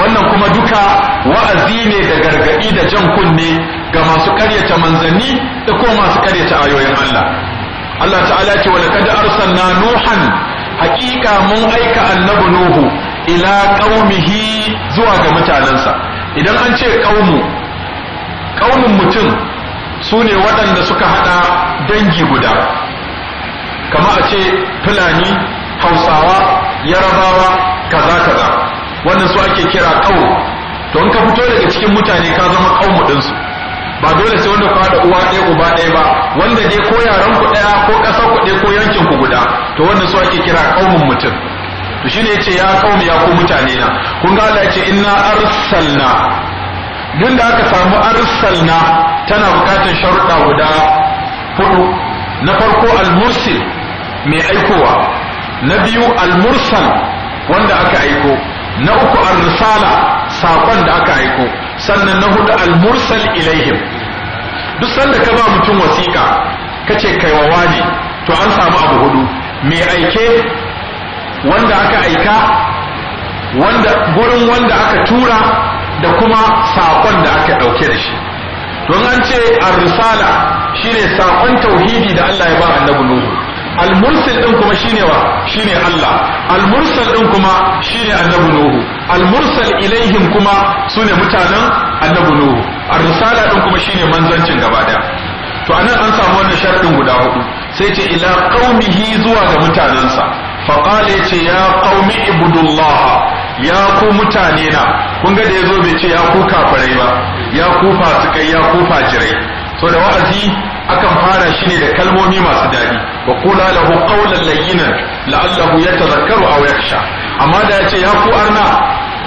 [SPEAKER 4] wannan kuma duka wa'azi ne da gargadi da jan
[SPEAKER 1] kunne ga masu karyata manzanni da kuma masu karyata ayoyin Allah Allah ta'ala ce wa laqad arsalna nuhan haqiqa mun aika annabi nuhu ila qaumihi zuwa ga mutanensa idan an ce qaumu qaumun mutum su ne waɗanda suka hada dangi guda kama a ce fulani hausawa yarabawa kaza kaza wannan su ake kira qaum to in ka fito daga cikin mutane ka zama qaumu din ba dole sai wanda ku uwa ɗaya uba ɗaya ba wanda dai ko yaran ku ɗaya ko ƙasar ku ɗaya ko yankin ku guda to wannan su ake kira ƙaumin mutum to shine yace ya kauni ya ku mutane na kun ga Allah yace inna arsalna duk da aka samu arsalna tana bukatar sharuɗa guda hudu na farko al mai aikowa na biyu al wanda aka aiko na uku arsala risala sakon da aka aiko sannan na hudu al-mursal ilaihim duk sanda ka ba mutum wasiƙa kace ce kaiwa wani to an samu abu hudu mai aike wanda aka aika wanda gurin wanda aka tura da kuma sakon da aka ɗauke da shi don an ce ar-risala shine saƙon tauhidi da Allah ya ba annabi Nuhu al-mursal din kuma shine wa shine Allah al-mursal din kuma shine annabi Nuhu al-mursal ilaihim kuma sune mutanen annabi Nuhu ar-risala din kuma shine manzancin gaba daya to anan an samu wannan sharadin guda hudu sai ce ila qaumihi zuwa ga mutanensa faƙala ya ce ya ƙaumi ibudullah ya ku mutane na kun ga da ya zo bai ce ya ku kafirai ba ya ku fasikai ya ku fajirai so da wa'azi akan fara shi ne da kalmomi masu daɗi wa kula lahu qawlan layyinan la'allahu yatadhakkaru aw sha amma da ya ce ya ku arna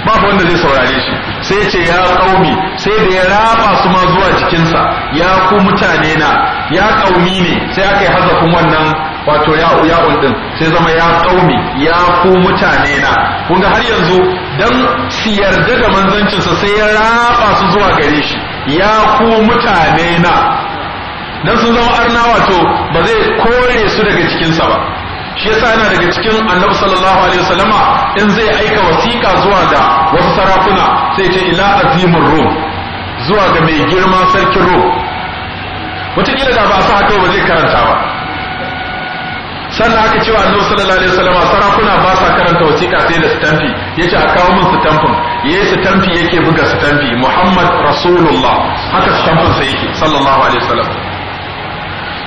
[SPEAKER 1] babu wanda zai saurare shi sai ce ya kaumi sai da ya raba su ma zuwa jikinsa ya ku mutane na ya kaumi ne sai aka yi hazafin wannan wato ya ya din sai zama ya kaumi ya ku mutane na kun ga har yanzu dan su yarda da manzancinsa sai ya raba su zuwa gare shi ya ku mutane na dan sun zama arna wato ba zai kore su daga cikinsa ba shi yasa yana daga cikin annabi sallallahu alaihi wasallama in zai aika wasiƙa zuwa ga wasu sarakuna sai ce ila azimin rum zuwa ga mai girma sarkin rum wataƙila da ba a sa haka ba zai karanta ba sannan aka cewa annabi sallallahu alaihi wasallama sarakuna ba sa karanta wasiƙa sai da ya ce a kawo min ya yi stamfi yake buga stamfi muhammad rasulullah haka stamfin sa yake sallallahu alaihi wasallam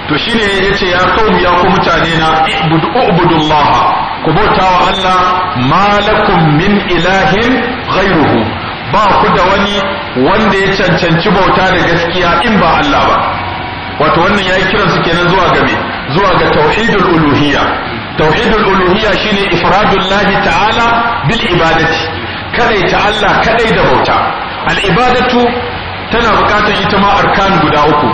[SPEAKER 1] to shine yace ya ce ya ku mutane na ibud ubudullah ku bauta wa Allah malakum min ilahin ruhu. ba ku da wani wanda ya cancanci bauta da gaskiya in ba Allah ba wato wannan yayi kiran su kenan zuwa ga me zuwa ga tauhidul uluhiyya tauhidul uluhiyya shine ifradullahi ta'ala bil ibadati kadai ta Allah kadai da bauta al ibadatu tana bukatar ita ma arkan guda uku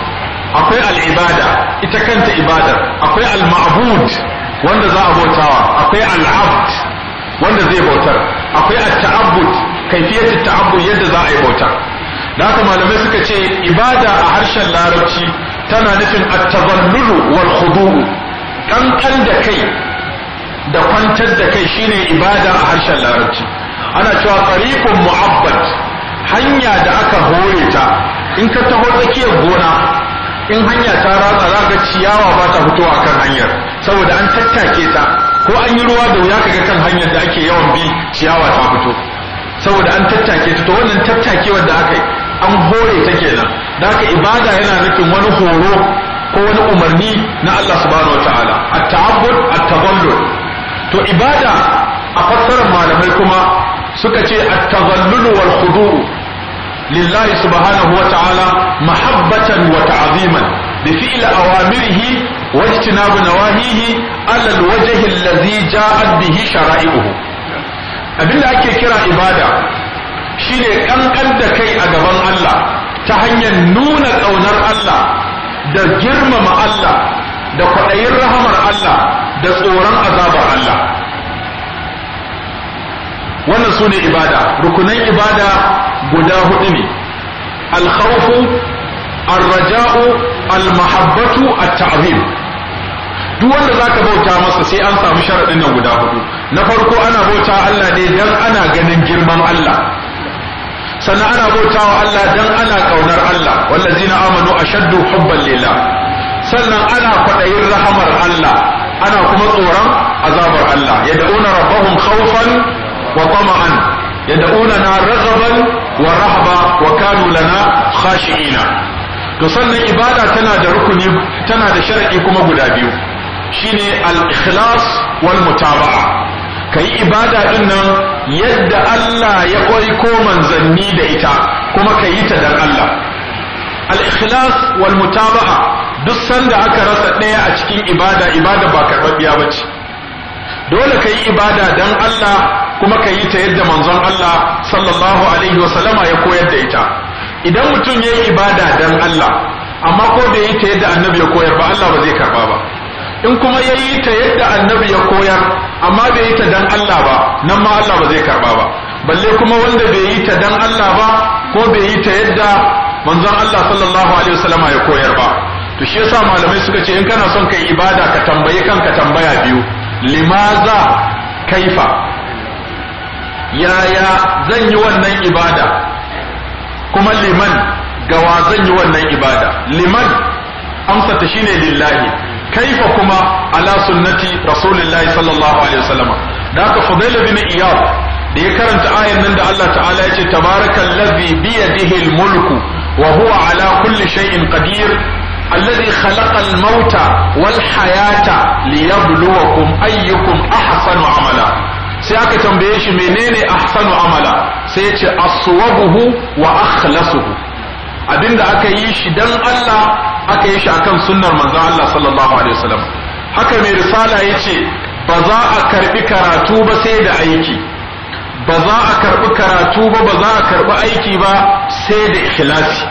[SPEAKER 1] akwai al'ibada ita kanta ibadar akwai al-ma'bud wanda za a bautawa akwai al wanda zai bautar akwai at-ta'abbud kaifiyat at yadda za a yi bauta da haka malamai suka ce ibada a harshen larabci tana nufin at-tazallulu wal khudu'u kankan da kai da kwantar da kai shine ibada a harshen larabci ana cewa tariqun mu'abbad hanya da aka hore ta in ka taho tsakiyar gona in hanya ta ratsa za ga ciyawa ba ta fitowa kan hanyar saboda an tattake ta ko an yi ruwa da wuya ka ga kan hanyar da ake yawan bi ciyawa ta fito
[SPEAKER 4] saboda an tattake ta to wannan tattake wanda aka yi
[SPEAKER 1] an hore ta kenan da haka ibada yana nufin wani horo ko wani umarni na Allah subhanahu wataala at-ta'abbud at-tadallul to ibada a fassarar malamai kuma suka ce at-tadallul wal khudu' lillahi subhanahu wa ta'ala mahabbatan wa ta'ziman bi fi'l awamirihi wa ijtinab nawahihi ala alwajhi alladhi ja'at bihi shara'i'uhu abinda ake kira ibada shine kankan da kai a gaban Allah ta hanyar nuna kaunar Allah da girmama Allah da kwaɗayin rahamar Allah da tsoron azabar Allah wannan sune ibada rukunan ibada guda hudu ne alkhawfu arraja'u almahabbatu at-ta'zim
[SPEAKER 4] duk wanda zaka bauta masa sai an samu sharadin nan guda hudu na farko ana bauta Allah ne dan
[SPEAKER 1] ana ganin girman Allah sannan ana bauta wa Allah dan ana kaunar Allah wallazina amanu ashaddu hubban lillah sannan ana kwadayin rahamar Allah ana kuma tsoron azabar Allah yad'una rabbahum khawfan wa tama'an yad'unana raghaban wa rahaba wa kanu lana khashi'ina to sannan ibada tana da rukuni tana da sharadi kuma guda biyu shine al-ikhlas wal mutaba'a kai ibada din nan yadda Allah ya ko manzanni da ita kuma ka yi ta dan Allah al-ikhlas wal mutaba'a duk sanda aka rasa ɗaya a cikin ibada ibada ba karɓaɓɓiya ba ce dole ka yi ibada dan Allah kuma ka yi ta yadda manzon Allah sallallahu alaihi wasallama ya koyar da ita idan mutum ya yi ibada dan Allah amma ko bai yi ta yadda annabi ya koyar ba Allah ba zai karba ba in kuma ya yi ta yadda annabi ya koyar amma bai yi ta dan Allah ba nan ma Allah ba zai karba ba balle kuma wanda bai yi ta dan Allah ba ko bai yi ta yadda manzon Allah sallallahu alaihi wasallama ya koyar ba to shi yasa malamai suka ce in kana son kai ibada ka tambayi kanka tambaya biyu limaza kaifa yaya zan yi wannan ibada kuma liman gawa zan yi wannan ibada liman amsata shine lillahi kaifa kuma ala sunnati rasulullahi sallallahu alaihi wasallam da haka fudayl bin iyad da ya karanta ayan nan da Allah ta'ala ya ce tabarakallazi biyadihi almulku wa huwa ala kulli shay'in qadir الذي خلق الموت والحياة ليبلوكم ayyukun أحسن عملا sai aka tambaye shi menene ahsanu amala sai ya ce buhu wa akhlasuhu abinda aka yi shi dan Allah aka yi shi a kan sunnar manzon Allah sallallahu alaihi wasallam haka mai risala yace ba za a karɓi karatu ba sai da aiki ba za a karbi karatu ba ba za a karɓi aiki ba sai da ikhlasi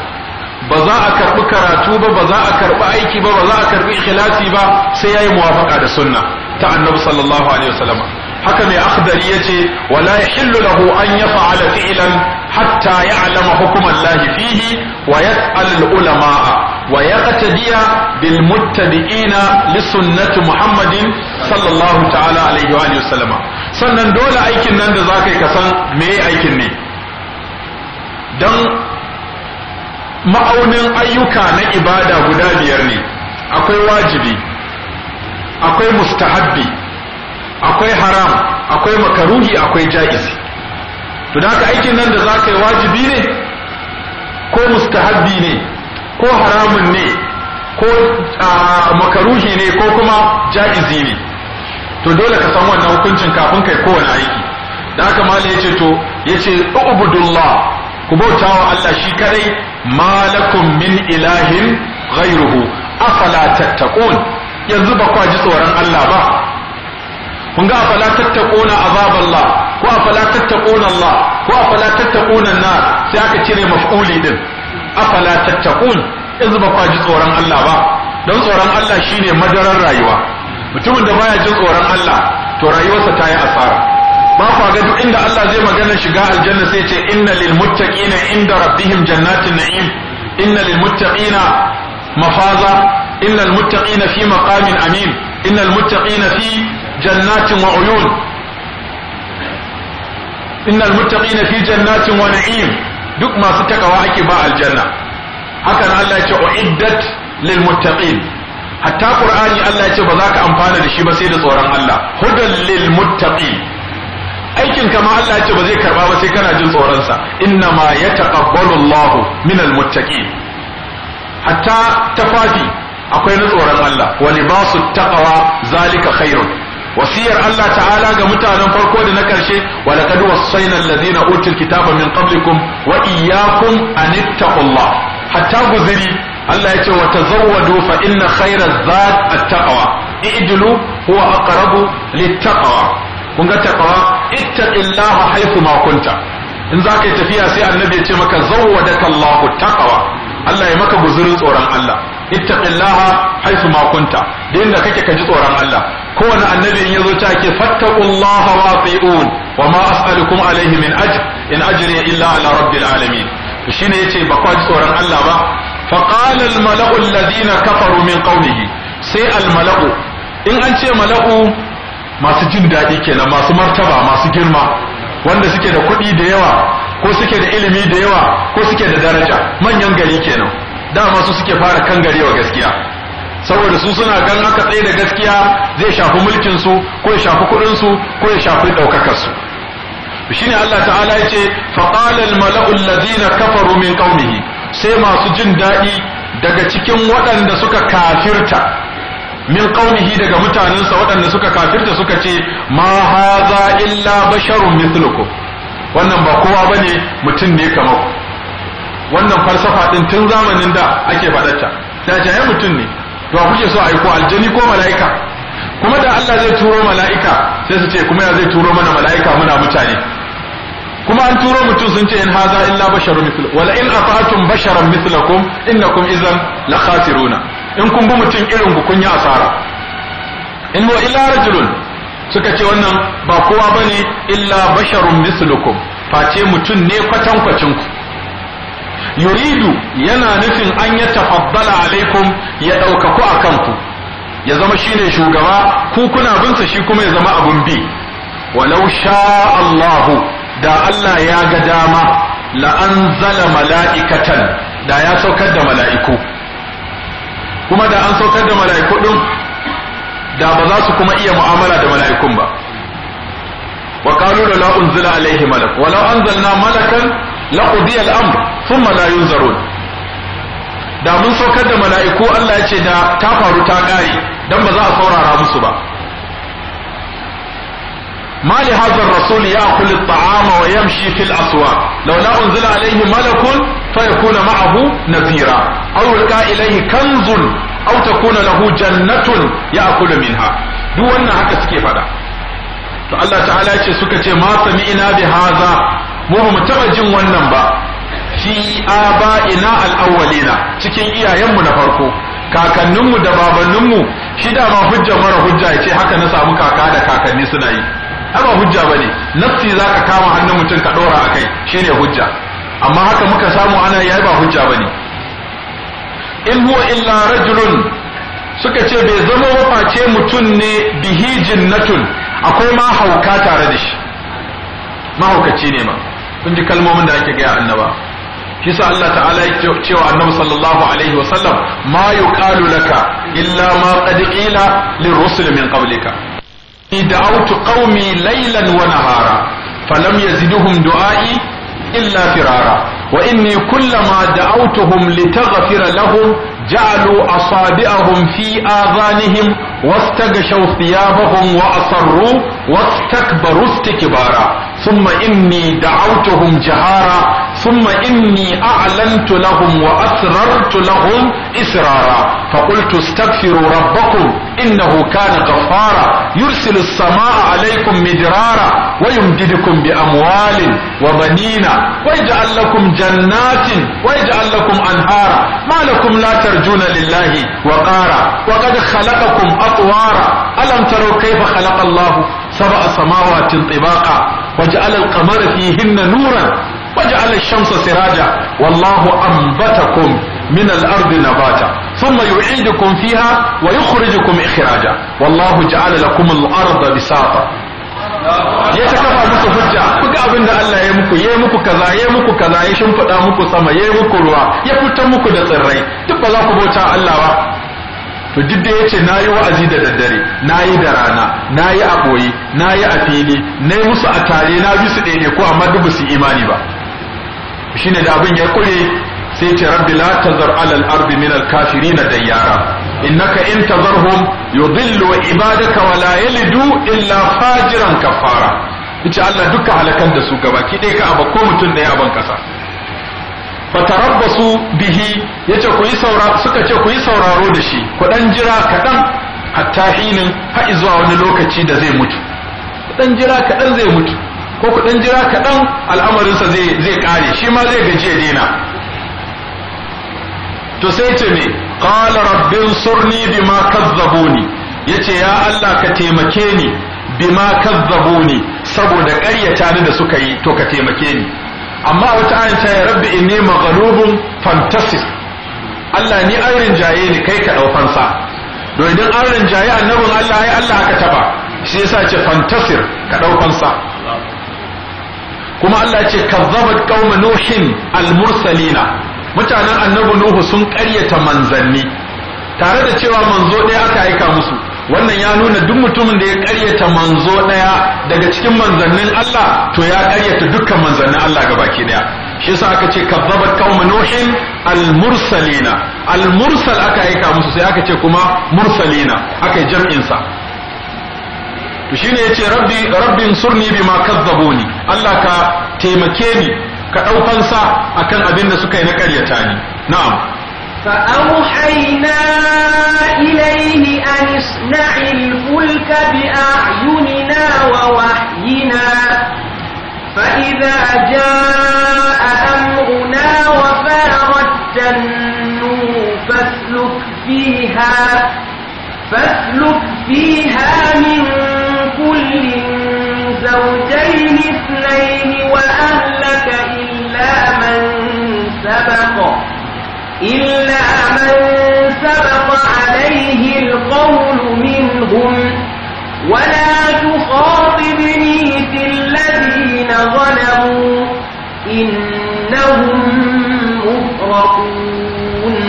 [SPEAKER 1] ba za a karɓi karatu ba ba za a karbi aiki ba ba za a karɓi ikhlasi ba sai yayi muwafaqa da sunna ta annabi sallallahu alaihi wasallam haka mai akhdari yace wala yahillu lahu an yaf'ala fi'lan hatta ya'lama hukm Allah fihi wa yas'al al-ulama wa yaqtadiya bil muttabi'ina li sunnati Muhammadin sallallahu ta'ala alaihi wa alihi wasallam sannan dole aikin nan da zakai ka san me aikin ne dan ma'aunin ayyuka na ibada guda biyar ne akwai wajibi akwai mustahabbi akwai haram akwai makaruhi akwai ja'izi to da aikin nan da za ka yi wajibi ne ko mustahabbi ne ko haramun ne ko makaruhi ne ko kuma ja'izi ne to dole ka san wannan hukuncin kafin kai kowane aiki da haka mala yace to yace ubudullah ku bauta wa Allah shi kadai lakum min ilahin ghayruhu afala tattaqun yanzu ba kwa ji tsoron Allah ba kun ga afala tattaquna azaballah ko afala tattaquna Allah ko afala tattaquna nar sai aka cire maf'uli din afala tattaqun yanzu ba kwa ji tsoron Allah ba don tsoron Allah shine madarar rayuwa mutumin da baya jin tsoron Allah to rayuwarsa ta yi asara ba ku ga duk inda Allah zai magana shiga aljanna sai ce inna lil muttaqina inda rabbihim jannatin na'im inna lil muttaqina mafaza inna lil muttaqina fi maqamin amin inna lil muttaqina fi jannatin wa uyun inna lil muttaqina fi jannatin wa na'im duk masu takawa ake ba aljanna haka nan Allah ya ce uiddat lil muttaqin hatta qur'ani Allah ya ce ba za ka amfana da shi ba sai da tsoron Allah hudan lil muttaqin aikin kama Allah ya ce ba zai karba ba sai kana jin tsoronsa. sa inna ma yataqabbalu Allah min almuttaqin hatta tafafi akwai na tsoron Allah wa libasu taqwa zalika khairun wasiyar Allah ta'ala ga mutanen farko da na karshe wa laqad wassayna alladhina utul kitaba min qablikum wa iyyakum an ittaqullah hatta guziri Allah ya ce wa tazawwadu fa inna khayra zad at-taqwa i'dilu huwa aqrabu lit-taqwa kun ga takawa ittaqillaha haythu ma kunta in za ka yi tafiya sai annabi ya ce maka zawwadaka Allahu taqwa Allah ya maka guzurin tsoron Allah ittaqillaha haythu ma kunta da kake ka ji tsoron Allah kowane annabi in yazo ta ke fattaqullaha wa atiun wa ma as'alukum alayhi min ajr in ajri illa ala rabbil alamin shine yace ba kwa ji tsoron Allah ba فقال الملأ الذين كفروا من قومه sai almala'u in an ce mala'u masu jin daɗi kenan masu martaba masu girma wanda suke da kuɗi da yawa ko suke da ilimi da yawa ko suke da daraja manyan gari kenan dama su suke fara kan gari wa gaskiya
[SPEAKER 4] saboda su suna gan aka tsaye da gaskiya
[SPEAKER 1] zai shafi mulkin su ko ya shafi kuɗin su ko ya shafi ɗaukakar su
[SPEAKER 4] shine Allah ta'ala ya ce qala al-mala'u alladhina kafaru min
[SPEAKER 1] qaumihi sai masu jin daɗi daga cikin waɗanda suka kafirta min qaumihi daga mutanensa waɗanda suka kafirta suka ce ma haza illa basharun mithlukum wannan ba kowa bane mutum ne kamar ku wannan falsafa din tun zamanin da ake faɗarta da ta mutum ne to kuke so a yi ko aljani ko mala'ika kuma da Allah zai turo mala'ika sai su ce kuma ya zai turo mana mala'ika muna mutane kuma an turo mutum sun ce in haza illa basharun mithlukum wala in ata'tum basharan mithlakum innakum idan la khasiruna in kun bi mutum irin ku kun yi asara in wa illa rajulun suka ce wannan ba kowa bane illa basharun mislukum face mutum ne kwatankwacin ku yuridu yana nufin an ya tafaddala alaikum ya ku a kanku ya zama shine shugaba ku kuna binsa shi kuma ya zama abun bi walau sha Allahu da Allah ya ga dama la'anzala mala'ikatan da ya saukar da mala'iku kuma da an saukar da mala'iku ɗin, da ba za su kuma iya mu'amala da mala'ikun ba wa qalu la unzila alaihi malak wa law anzalna malakan laqudiya al-amr thumma la yunzarun da mun saukar da mala'iku Allah ya ce da ta faru ta kare dan ba za a saurara musu ba ما لهذا الرسول يأكل الطعام ويمشي في الأسواق لولا أنزل عليه ملك فيكون معه نذيرا أو يلقى إليه كنز أو تكون له جنة يأكل منها دون هكا سكي فدا الله تعالى سكة ما سمعنا بهذا مو متبجن ونبا fi aba'ina al-awwalina cikin iyayenmu na farko kakanninmu da babanninmu shi da ma hujja mara hujja yace haka na samu kaka da kakanni suna yi har ba hujja bane nafsi ka kama hannun mutum ka dora akai shine hujja amma haka muka samu ana yayi ba hujja bane in huwa illa rajulun suka ce bai zama waface mutum ne bihi jinnatun akwai ma hauka tare da shi mahaukaci ne ma kun ji kalmomin da ake gaya annaba shi Allah ta'ala ya cewa annabi sallallahu alaihi wa sallam ma yuqalu laka illa ma qad qila lirrusul min qablika ida'autu qaumi laylan wa hara, falam yaziduhum du'ai illa firara wa inni kullama da'autuhum litaghfira lahum ja'alu asabi'ahum fi adhanihim wastagashaw thiyabahum wa asarru wastakbaru bara. ثم إني دعوتهم جهارا ثم إني أعلنت لهم وأسررت لهم إسرارا فقلت استغفروا ربكم إنه كان غفارا يرسل السماء عليكم مدرارا ويمددكم بأموال وبنين ويجعل لكم جنات ويجعل لكم أنهارا ما لكم لا ترجون لله وقارا وقد خلقكم أطوارا ألم تروا كيف خلق الله سبع سماوات طباقا وجعل القمر فيهن نورا وجعل الشمس سراجا والله أنبتكم من الأرض نباتا ثم يعيدكم فيها ويخرجكم إخراجا والله جعل لكم الأرض بساطا ya ta kafa muku hujja ku ga abin da Allah ya muku ya muku kaza ya muku kaza ya shimfiɗa muku sama ya muku ruwa ya fitar muku da tsirrai duk ba za ku bauta Allah ba to duk da yace nayi wa'azi da daddare nayi da rana nayi a boye nayi a fili nayi musu a tare na bi su ɗaya ko amma duk su imani ba shine da abin ya kure sai ce rabbi la tazar alal ardi min al kafirin dayyara innaka in tazarhum yudillu ibadaka wa la yalidu illa fajiran kafara yace Allah duka halakan da su gaba ki dai ka aba ko mutun da ya ban kasa fatarabbasu bihi yace ku yi saura suka ce ku yi sauraro da shi ku dan jira kadan hatta hinin har zuwa wani lokaci da zai mutu dan jira kadan zai mutu ko ku dan jira kadan al'amarin sa zai zai kare shi ma zai gaje dina to sai ce me qala rabbin surni bima kazzabuni yace ya Allah ka taimake ni bima kazzabuni saboda ƙaryata ni da suka yi to ka taimake ni amma wata ayin ta ya rabbi inni maghlubun fantasir Allah ni an rinjaye ni kai ka dau fansa idan an rinjaye annabin Allah ai Allah aka taba shi yasa ce fantasir ka dau kuma Allah ce zama kauma nuhin almursalina mutanen annabi nuhu sun ƙaryata manzanni tare da cewa manzo ɗaya aka aika musu wannan ya nuna duk mutumin da ya karyata manzo ɗaya daga cikin manzannin Allah to ya karyata dukkan manzannin Allah ga baki ɗaya. shi yasa aka ce kazzabat qaum nuhin al-mursalina al-mursal aka aika musu sai aka ce kuma mursalina aka jam'in sa to shine yace rabbi rabbi insurni bima kazzabuni Allah ka taimake ni ka daukan sa akan abin da suka yi na karyata ni na'am
[SPEAKER 2] فأوحينا إليه أن اصنع الفلك بأعيننا ووحينا فإذا جاء أمرنا وفارت النور فاسلك فيها فاسلك فيها من كل زوجين اثنين وأهل إلا من سبق عليه القول منهم ولا تخاطبني في الذين ظلموا إنهم مفرقون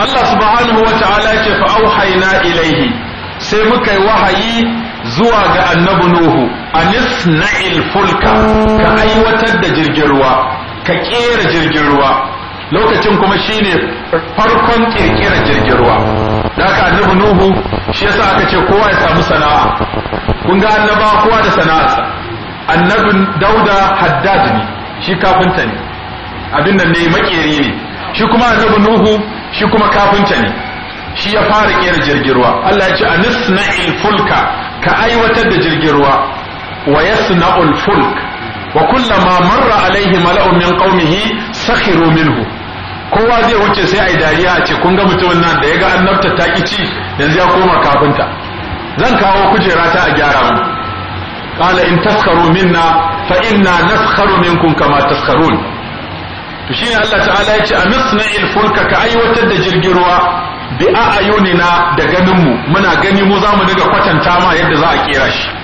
[SPEAKER 1] الله سبحانه وتعالى فأوحينا إليه سيمك وحيي zuwa ga annabi Nuhu anis na'il fulka ka aiwatar da jirgin ruwa ka kera jirgin ruwa lokacin kuma shine farkon ƙirƙirar jirgin ruwa da aka annabi nuhu shi yasa aka ce kowa ya samu sana'a kun ga annaba kowa da sana'arsa annabin dauda haddad ne shi kafinta ne abin nan ne makeri ne shi kuma annabi nuhu shi kuma kafinta ne shi ya fara kera jirgin ruwa Allah ya ce anisna'il fulka ka aiwatar da jirgin ruwa wa yasna'ul fulk wa kullama marra alaihi mala'un min qaumihi sakhiru minhu kowa zai wuce sai ai dariya a ce kun ga mutumin nan da ya ga annabta ta kici yanzu ya koma kafinta zan kawo kujera ta a gyara mu qala in taskharu minna fa inna naskharu minkum kama taskharun to shine Allah ta'ala ya ce amisna il fulka ka aiwatar da jirgin ruwa bi a'yunina da ganin mu muna gani mu zamu daga kwatanta ma yadda za a kera shi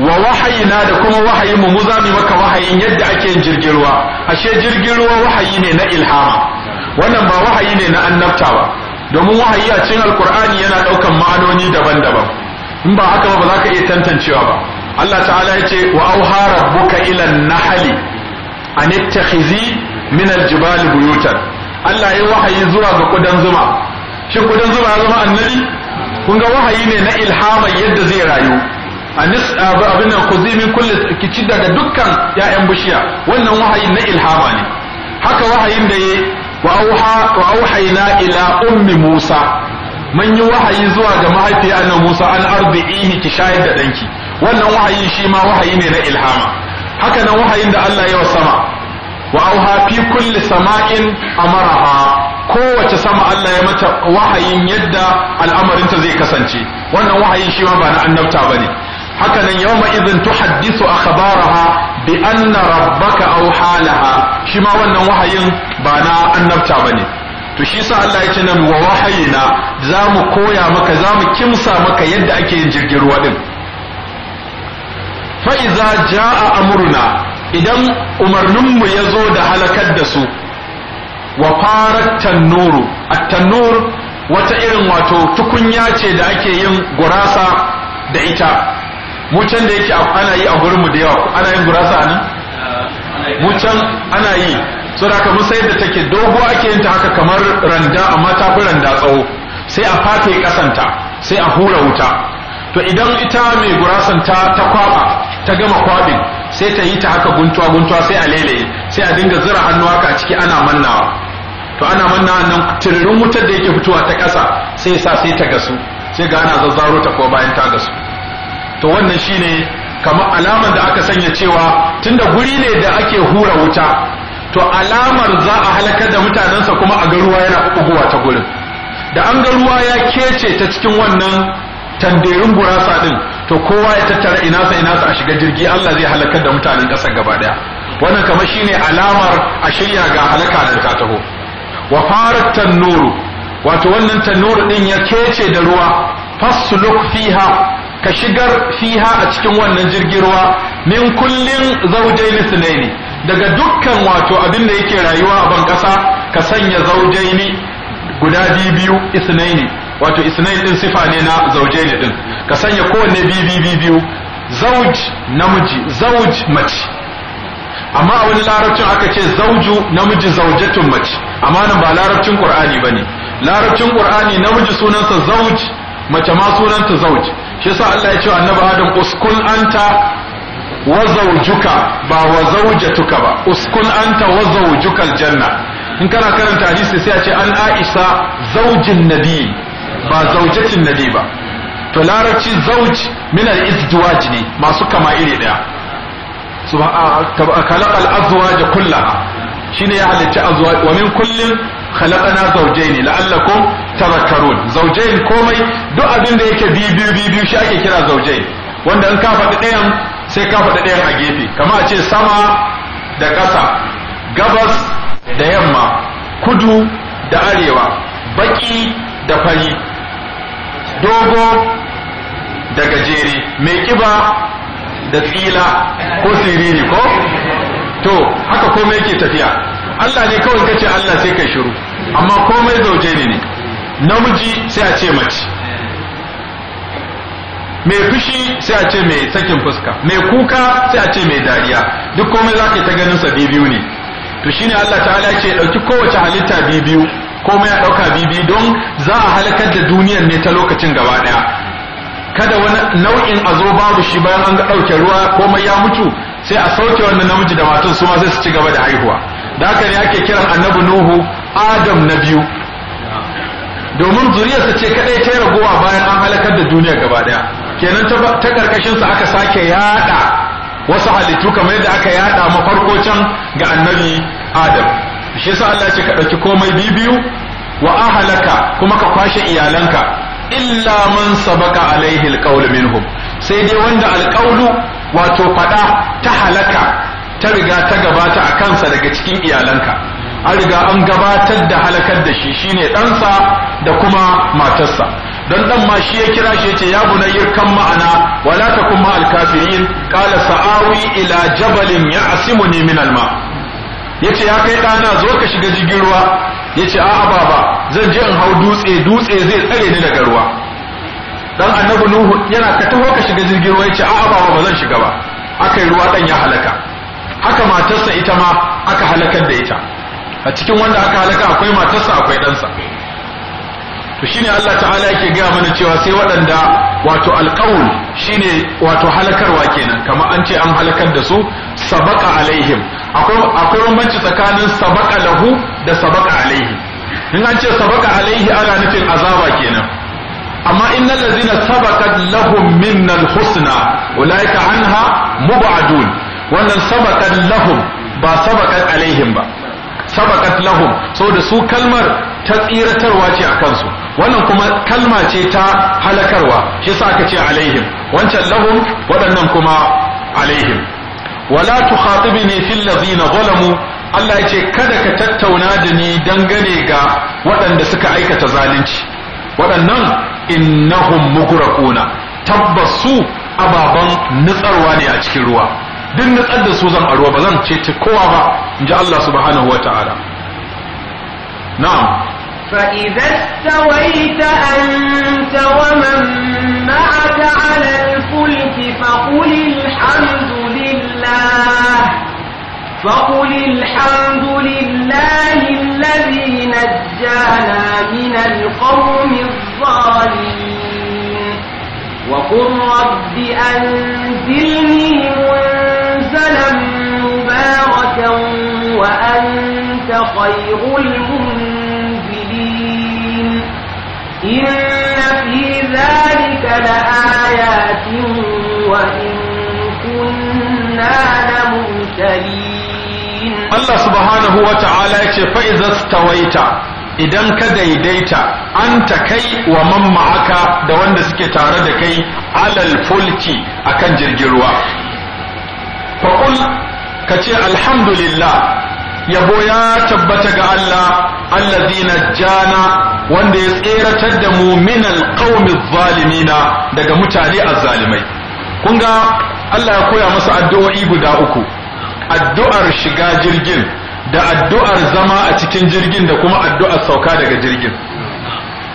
[SPEAKER 1] wa wahayi na da kuma wahayin mu za mu maka wahayin yadda ake yin jirgin ruwa ashe jirgin ruwa wahayi ne na ilhama wannan ba wahayi ne na annabta ba domin wahayi a cikin alkur'ani yana daukan ma'anoni daban-daban in ba haka ba ba za ka iya tantancewa ba Allah ta'ala ya ce wa auha rabbuka ila nahli an ittakhizi min aljibal buyutan Allah ya wahayi zuwa ga kudan zuma shin kudan zuma ya zama annabi kun ga wahayi ne na ilhama yadda zai rayu anis abin nan kuzi min kulli ki ci daga dukkan ya'yan bishiya wannan wahayin na ilhama ne
[SPEAKER 4] haka wahayin da ya wa auha wa auhayna ila ummi
[SPEAKER 1] Musa mun yi wahayi zuwa ga mahaifiya annabi Musa an arbi'ihi ki shayar da danki wannan wahayi shi ma wahayi ne na ilhama haka nan wahayin da Allah ya wa sama wa auha fi kulli sama'in amaraha kowace sama Allah ya mata wahayin yadda al'amarinta zai kasance wannan wahayin shi ma ba na annabta bane haka nan yawma idhin tuhaddisu akhbaraha bi anna rabbaka a halaha shi ma wannan wahayin ba na annabta ne to shi sa Allah ya ce nan wa wahayina za mu koya maka za mu kimsa maka yadda ake yin jirgin ruwa din fa ja a amruna idan umarnin mu zo da halakar da su wa farat tanuru at-tanur wata irin wato tukunya ce da ake yin gurasa da ita mu can da yake ana yi a gurin mu da yawa ana yin gurasa ne mu can ana yi so da mun sai da take dogo ake yin ta haka kamar randa amma ta fi randa tsawo sai a fafe kasanta sai a hura wuta to idan ita mai gurasan ta ta kwaba ta gama kwabin sai ta yi ta haka guntuwa guntuwa sai a lele sai a dinga zura hannu haka a ciki ana mannawa to ana mannawa nan tiririn wutar da yake fitowa ta kasa sai sa sai ta gasu sai ga ana zazzaro ta ko bayan ta gasu to wannan shine kamar alamar da aka sanya cewa tunda guri ne da ake hura wuta to alamar za a halakar da mutanensa kuma a ga ruwa yana buguwa ta gurin da an ga ruwa ya kece ta cikin wannan tanderin gurasa din to kowa ya tattara ina sa ina sa a shiga jirgi Allah zai halakar da mutanen ƙasar gaba daya wannan kamar shine alamar a shirya ga halaka da ta taho wa farat tanuru wato wannan tanuru din ya kece da ruwa fasluk fiha ka shigar fiha a cikin wannan jirgin ruwa min kullin zaujai sunaini daga dukkan wato abin da yake rayuwa a ban kasa ka sanya zaujaini guda biyu isnaini wato isnaini din sifa ne na zaujaini din ka sanya kowanne biyu zauj namiji zauj mace amma a wani larabcin aka ce zauju namiji zaujatun mace amma nan ba larabcin qur'ani bane larabcin qur'ani namiji sunansa zauj mace ma sunanta zauj shi yasa Allah ya ce annabi Adam uskun anta wa zawjuka ba wa zawjatuka ba uskun anta wa zawjuka aljanna in kana karanta hadisi sai a ce an Aisha zaujin nabi ba zaujatin nabi ba to larabci zauj min al-izdiwaj ne masu kama iri daya subhanahu wa ta'ala al-azwaj kullaha shine ya halitta azwaj wa min kullin khalaqana zawjayni la'allakum tadhakkarun zawjayn komai duk abin da yake biyu biyu shi ake kira zawjain wanda in ka faɗi ɗayan sai ka faɗi ɗayan a gefe kama a ce sama da ƙasa gabas da yamma kudu da arewa baki da fari dogo da gajere mai ƙiba da tsila ko siriri ko to haka komai yake tafiya Allah ne kawai ce Allah sai kai shiru amma komai zauje ne ne namiji sai a ce mace mai fushi sai a ce mai sakin fuska mai kuka sai a ce mai dariya duk komai za ka ta ganin sa biyu ne to shi shine Allah ta'ala ce ɗauki kowace halitta biyu komai ya ɗauka biyu don za a halakar da duniyar ne ta lokacin gaba daya kada wani nau'in a zo babu shi bayan an ga ɗauke ruwa komai ya mutu sai a sauke wannan namiji da matan su ma sai su ci gaba da haihuwa da haka ne ake kiran annabi nuhu adam na biyu domin zuriyarsa ce kadai ta ragowa bayan an halakar da duniya gaba daya kenan ta karkashin sa aka sake yada wasu halittu kamar yadda aka yada mafarko can ga annabi adam shi yasa Allah ce ka dauki komai bibiyu
[SPEAKER 4] wa ahlaka
[SPEAKER 1] kuma ka kwashe iyalanka illa man sabaka alaihi alqawlu minhum sai dai wanda alqawlu wato fada ta halaka ta riga ta gabata a kansa daga cikin iyalanka an riga an gabatar da halakar da shi shine ɗansa da kuma matarsa don ɗan ma shi ya kira shi ce ya bu kan ma'ana wala ta kuma alkafirin kala sa'awi ila jabalin ya asimu ne min alma ya ce ya kai ɗana zo ka shiga jirgin ruwa ya ce a'a baba zan je in hau dutse dutse zai tsare ni daga ruwa dan annabi nuhu yana ka taho ka shiga jirgin ruwa ya ce a'a baba ba zan shiga ba aka yi ruwa ɗan ya halaka haka matarsa ita ma aka halakar da ita a cikin wanda aka halaka akwai matarsa akwai ɗansa to shine Allah ta'ala yake gaya mana cewa sai waɗanda wato alƙawul shine wato halakarwa kenan kamar an ce an halakar da su sabaka alaihim akwai akwai bambanci tsakanin sabaka lahu da sabaka alaihi in an ce sabaka alaihi ana nufin azaba kenan amma innal ladzina sabaqat lahum minnal husna ulaika anha mubadun wannan sabaqat lahum ba sabaqat alaihim ba sabaqat lahum saboda su kalmar ta tsiratarwa ce a kansu wannan kuma kalma ce ta halakarwa shi yasa aka ce alaihim wancan lahum waɗannan kuma alaihim wala ne fil ladina zalamu Allah ya ce kada ka tattauna da ni dangane ga waɗanda suka aikata zalunci waɗannan innahum mugraquna tabbas su ababan nutsarwa ne a cikin ruwa duk nutsar da su zan aro ba zan ceci kowa ba in ji Allah subhanahu wa ta'ala na'am
[SPEAKER 2] فإذا استويت أنت ومن معك على الفلك فقل الحمد لله فقل الحمد لله الذي نجانا من القوم الظالمين وقل رب أنزلني ذلك لآيات وإن كنا لمرسلين
[SPEAKER 1] الله سبحانه وتعالى فإذا استويت idan ka daidaita an ta kai wa mamma'aka da wanda suke tare da kai alal fulki akan jirgin ruwa faƙul ka ce alhamdulillah yabo ya tabbata ga Allah allazi jana, wanda ya tseratar da mu min alqawmi zalimina daga mutane azzalimai kun ga Allah ya koya masa addu'o'i guda uku addu'ar shiga jirgin da addu'ar zama a cikin jirgin da kuma addu'ar sauka daga jirgin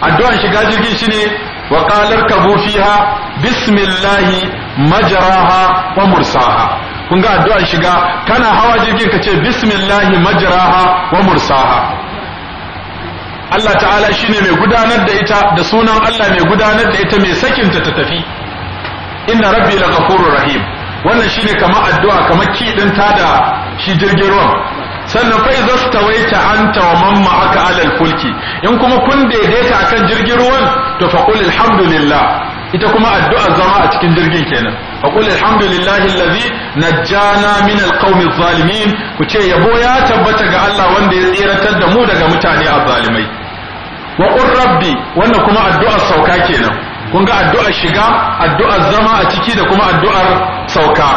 [SPEAKER 1] addu'ar shiga jirgin shine wa qalar kabu fiha bismillahi majraha wa mursaha kun ga addu'ar shiga kana hawa jirgin ka ce bismillahi majraha wa mursaha Allah ta'ala shine mai gudanar da ita da sunan Allah mai gudanar da ita mai sakinta ta tafi inna rabbi laghafurur rahim wannan shine kama addu'a kamar ta da shi jirgin ruwan sannan fa idza stawaita anta wa man ma'aka alal fulki in kuma kun daidaita akan jirgin ruwan to fa qul alhamdulillah ita kuma addu'ar zama a cikin jirgin kenan fa qul alhamdulillahi na jana min alqawmi zalimin ku ce yabo ya tabbata ga Allah wanda ya tsiratar da mu daga mutane azzalimai
[SPEAKER 4] wa rabbi wannan kuma addu'ar sauka kenan kun ga addu'ar shiga addu'ar zama a ciki da kuma addu'ar sauka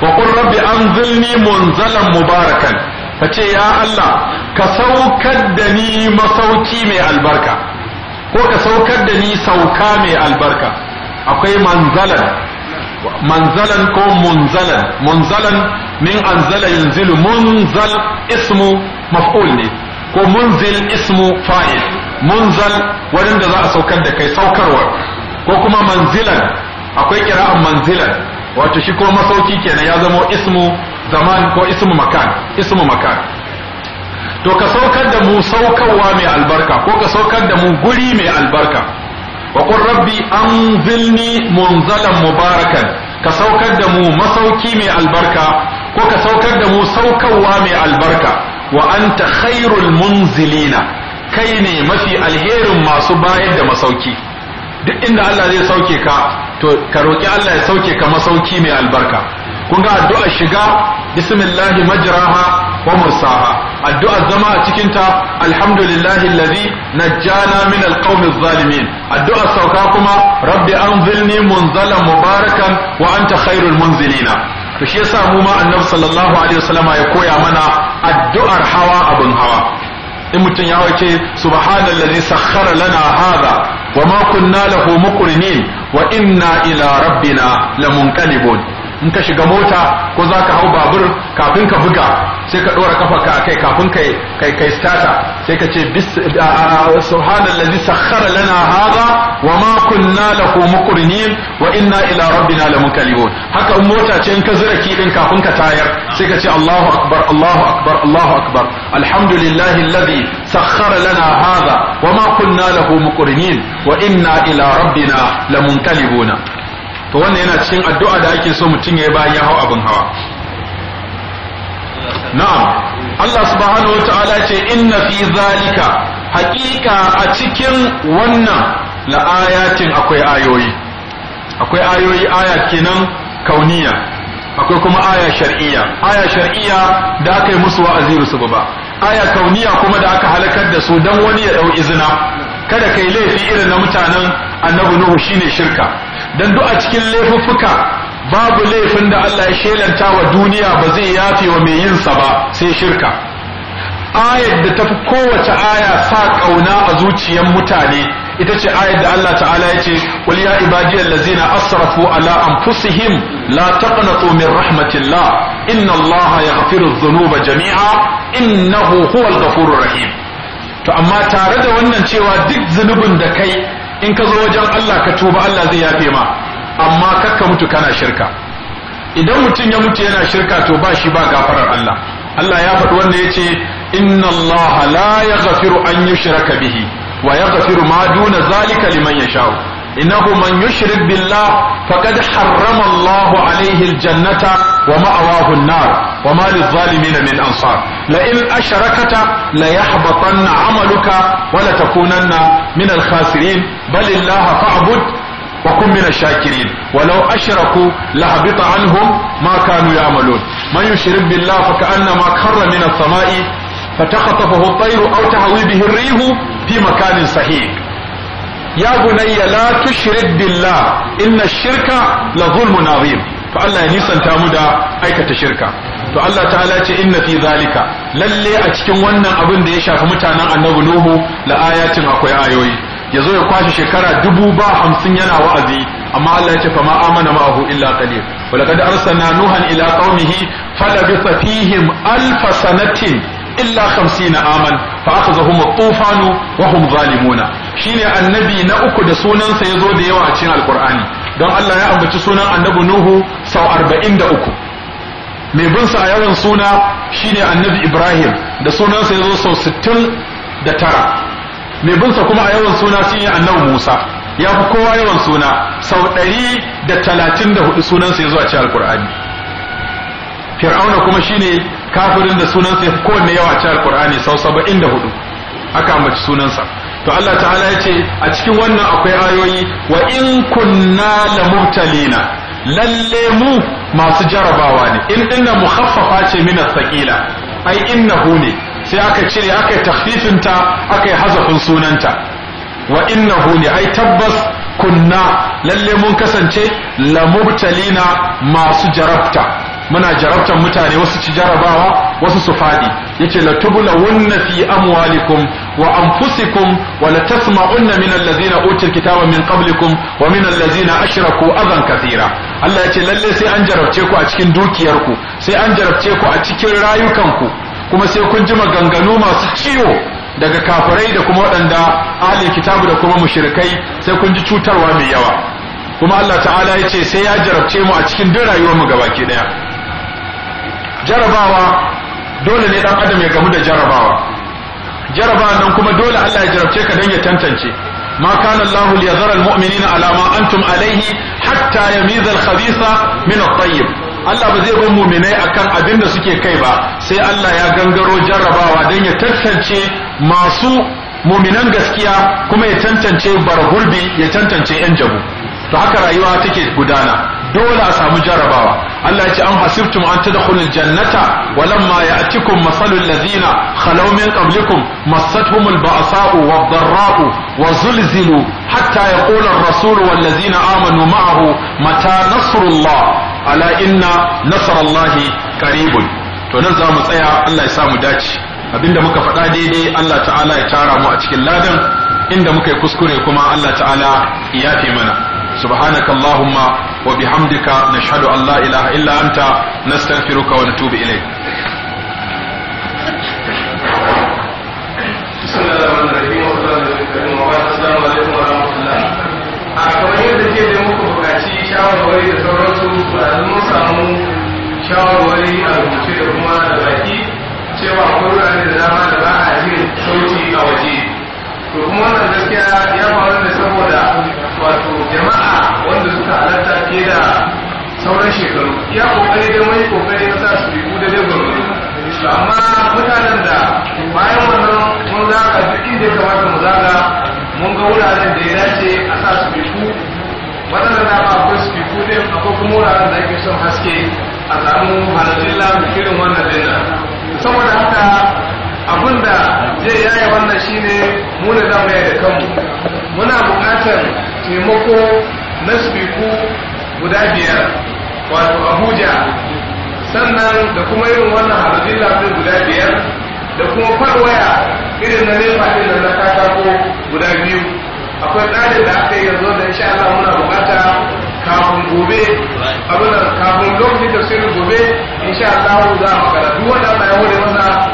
[SPEAKER 4] wa rabbi an
[SPEAKER 1] anzilni munzalan mubarakan ka ce ya Allah ka saukar da ni masauki mai albarka ko ka saukar da ni sauka mai albarka akwai manzalan manzalan ko munzalan munzalan min anzala yanzilu munzal ismu maf'ul ne ko munzil ismu fa'il munzal wurin da za a saukar da kai saukarwa ko kuma manzilan akwai kira'an manzilan wato shi ko masauki kenan ya zama ismu zaman ko ismu makan ismu makan to ka saukar da mu saukarwa mai albarka ko ka saukar da mu guri mai albarka wa qur rabbi anzilni munzalan mubarakan ka saukar da mu masauki mai albarka ko ka saukar da mu saukarwa mai albarka wa anta khairul munzilina kai ne mafi alherin masu bayar da masauki duk inda Allah zai sauke ka to ka roki Allah ya sauke ka masauki mai albarka kun ga addu'ar shiga bismillahi majiraha. wa mursaha addu'ar zama a cikin ta alhamdulillahi allazi najjana min alqawmi adh addu'ar sauka kuma rabbi anzilni munzalan mubarakan wa anta khairul munzilina to shi yasa mu ma annabi sallallahu alaihi wasallama ya koya mana addu'ar hawa abin hawa in mutum ya wace Subhana subhanallazi sakkara lana hadha wa makunna kunna lahu muqrinin wa inna ila rabbina lamunqalibun in ka shiga mota ko za ka hau babur kafin ka buga sai ka ɗora kafa ka kai kafin kai kai stata sai ka ce subhanallazi sakhara lana hadha wa ma kunna lahu muqrinin wa inna ila rabbina lamunqalibun haka in mota ce in ka zura ki din kafin ka tayar sai ka ce Allahu akbar Allahu akbar Allahu akbar alhamdulillahi alladhi sakhara lana hadha wa ma kunna lahu muqrinin wa inna ila rabbina lamunqalibuna to wannan yana cikin addu'a da ake so mutum ya yi bayan ya hau abin hawa na'am Allah subhanahu wata'ala ce inna fi zalika haƙiƙa a cikin wannan la'ayatin akwai ayoyi akwai ayoyi aya kenan kauniya akwai kuma aya shar'iyya aya shar'iyya da aka yi musu wa'azi su ba aya kauniya kuma da aka halakar da su dan wani ya dau izina kada kai laifi irin na mutanen annabi nuhu shine shirka dan duk a cikin laifuffuka
[SPEAKER 4] babu laifin da Allah ya shelanta wa duniya ba zai yafe wa mai
[SPEAKER 1] yinsa ba sai shirka ayar da tafi kowace aya sa kauna a zuciyar mutane ita ce ayar da Allah ta'ala ya ce qul ya ibadiyal ladzina asrafu ala anfusihim la taqnatu min rahmatillah inna Allah jami'a innahu huwal rahim to amma tare da wannan cewa duk zunubin da kai in ka zo wajen Allah ka tuba Allah zai yafe ma amma kakka mutu kana shirka idan mutum ya mutu yana shirka to ba shi ba gafarar Allah Allah ya faɗi wanda ya ce inna Allah la yaghfiru an yushraka bihi wa yaghfiru ma duna zalika liman yasha'u Inahu man yushrik billah faqad harrama Allahu alaihi aljannata wa ma'awahu an wa ma lizalimin min ansar la in asharakata 'amaluka wa la takunanna min al-khasirin bal illaha fa'bud wa kun min ash-shakirin walau ashraku lahabita habita anhum ma kanu ya'malun man yushrik billa fa ka'annama kharra min as-sama'i فتخطفه الطير أو تهوي به الريح في مكان صحيح ya bunayya la tushrik billah inna shirka la zulmun azim to Allah ya nisanta mu da aikata shirka to Allah ta'ala ce inna fi zalika lalle a cikin wannan abin da ya shafi mutanen annabi nuhu la ayatin akwai ayoyi yazo ya kwashe shekara dubu ba hamsin yana wa'azi amma Allah ya ce fa ma amana ma'ahu illa qalil wa laqad arsalna nuhan ila qaumihi falabitha fihim alfasanatin. sanatin illa na aman fa akhazahum at-tufanu wa hum zalimuna shine annabi na uku da sunansa yazo da yawa a cikin alqur'ani don Allah ya ambaci sunan annabi nuhu sau 43 mai bin sa a yawan suna shine annabi ibrahim da sunansa yazo sau 69 mai bin sa kuma a yawan suna shine annabi musa ya fi kowa yawan suna sau ɗari da da talatin hudu sunansa yazo a cikin alqur'ani fir'auna kuma shine kafirin da sunansa ya fi kowanne yawa a cikin alkur'ani sau saba'in da hudu aka sunansa to Allah ta'ala ya ce a cikin wannan akwai ayoyi wa in kunna la mubtalina lalle mu masu jarabawa ne in dinna mukhaffafa ce min as-saqila ai innahu ne sai aka cire aka yi takhfifin ta aka yi hazafin sunanta wa innahu ne ai tabbas kunna lalle mun kasance la mubtalina masu jarabta muna jarabtar mutane wasu ci jarabawa wasu su faɗi yace la tublawunna fi amwalikum wa anfusikum wa la tasma'unna min allazina utul kitaba min qablikum wa min allazina ashraku adan kathira Allah yace lalle sai an jarabce ku a cikin dukiyarku sai an jarabce ku a cikin rayukanku kuma sai kun ji maganganu masu ciwo daga kafirai da kuma waɗanda ahli kitabu da kuma mushrikai sai kun ji cutarwa mai yawa kuma Allah ta'ala ya ce sai ya jarabce mu a cikin duk rayuwar mu gabaki daya jarabawa dole ne dan adam ya gamu da jarabawa jarabawa nan kuma dole Allah ya jarabce ka dan ya tantance ما كان الله ليذر المؤمنين على ما أنتم عليه حتى يميز الخبيث من الطيب Allah ba zai bar muminai akan abin da suke kai ba sai Allah ya gangaro jarrabawa dan ya tantance masu muminan gaskiya kuma ya tantance barhurbi ya tantance yan jabu to haka rayuwa take gudana dole a samu jarabawa Allah ya ce an hasibtum an tadkhulul jannata walamma ya'tikum masalul ladina khalaw min qablikum massatuhumul ba'sa'u wad-dharra'u wa zulzilu hatta yaqula ar-rasul wal ladina amanu ma'ahu mata nasrullah ala inna nasrallahi qaribun to nan za mu tsaya Allah ya samu dace abinda muka faɗa daidai Allah ta'ala ya tara mu a cikin ladan inda muka yi kuskure kuma Allah ta'ala ya fi mana subhanakallahumma wa bihamdika nashhadu an la ilaha illa anta nastaghfiruka wa natubu ilayk
[SPEAKER 5] shawarwari da sauransu mun samu shawarwari a rubuce da kuma da baki cewa akwai wurare da da ba a jin sauti waje to kuma wannan gaskiya ya faru ne saboda wato jama'a wanda suka halatta ke da sauran shekaru ya kokari da mai kokari na sa su yi da dai gwamnati amma mutanen da bayan wannan mun ka duk inda ya kamata mu zaga mun ga wuraren da ya dace a sa su ku wannan da ba ku su ku din akwai kuma wuraren da ake son haske a samu halittun lamu irin wannan dinnan saboda haka abinda zai yaya wannan shine mu ne zamu yaya da kanmu muna bukatar taimako na sibiku guda biyar wato abuja sannan da kuma irin wannan harajin lafiya guda biyar da kuma farwaya irin na nefa ɗin na katako guda biyu akwai tsarin da aka yi yanzu da insha Allah muna bukata kafin gobe abin kafin lokacin da yi gobe insha Allah za mu karatu wanda Allah ya hore masa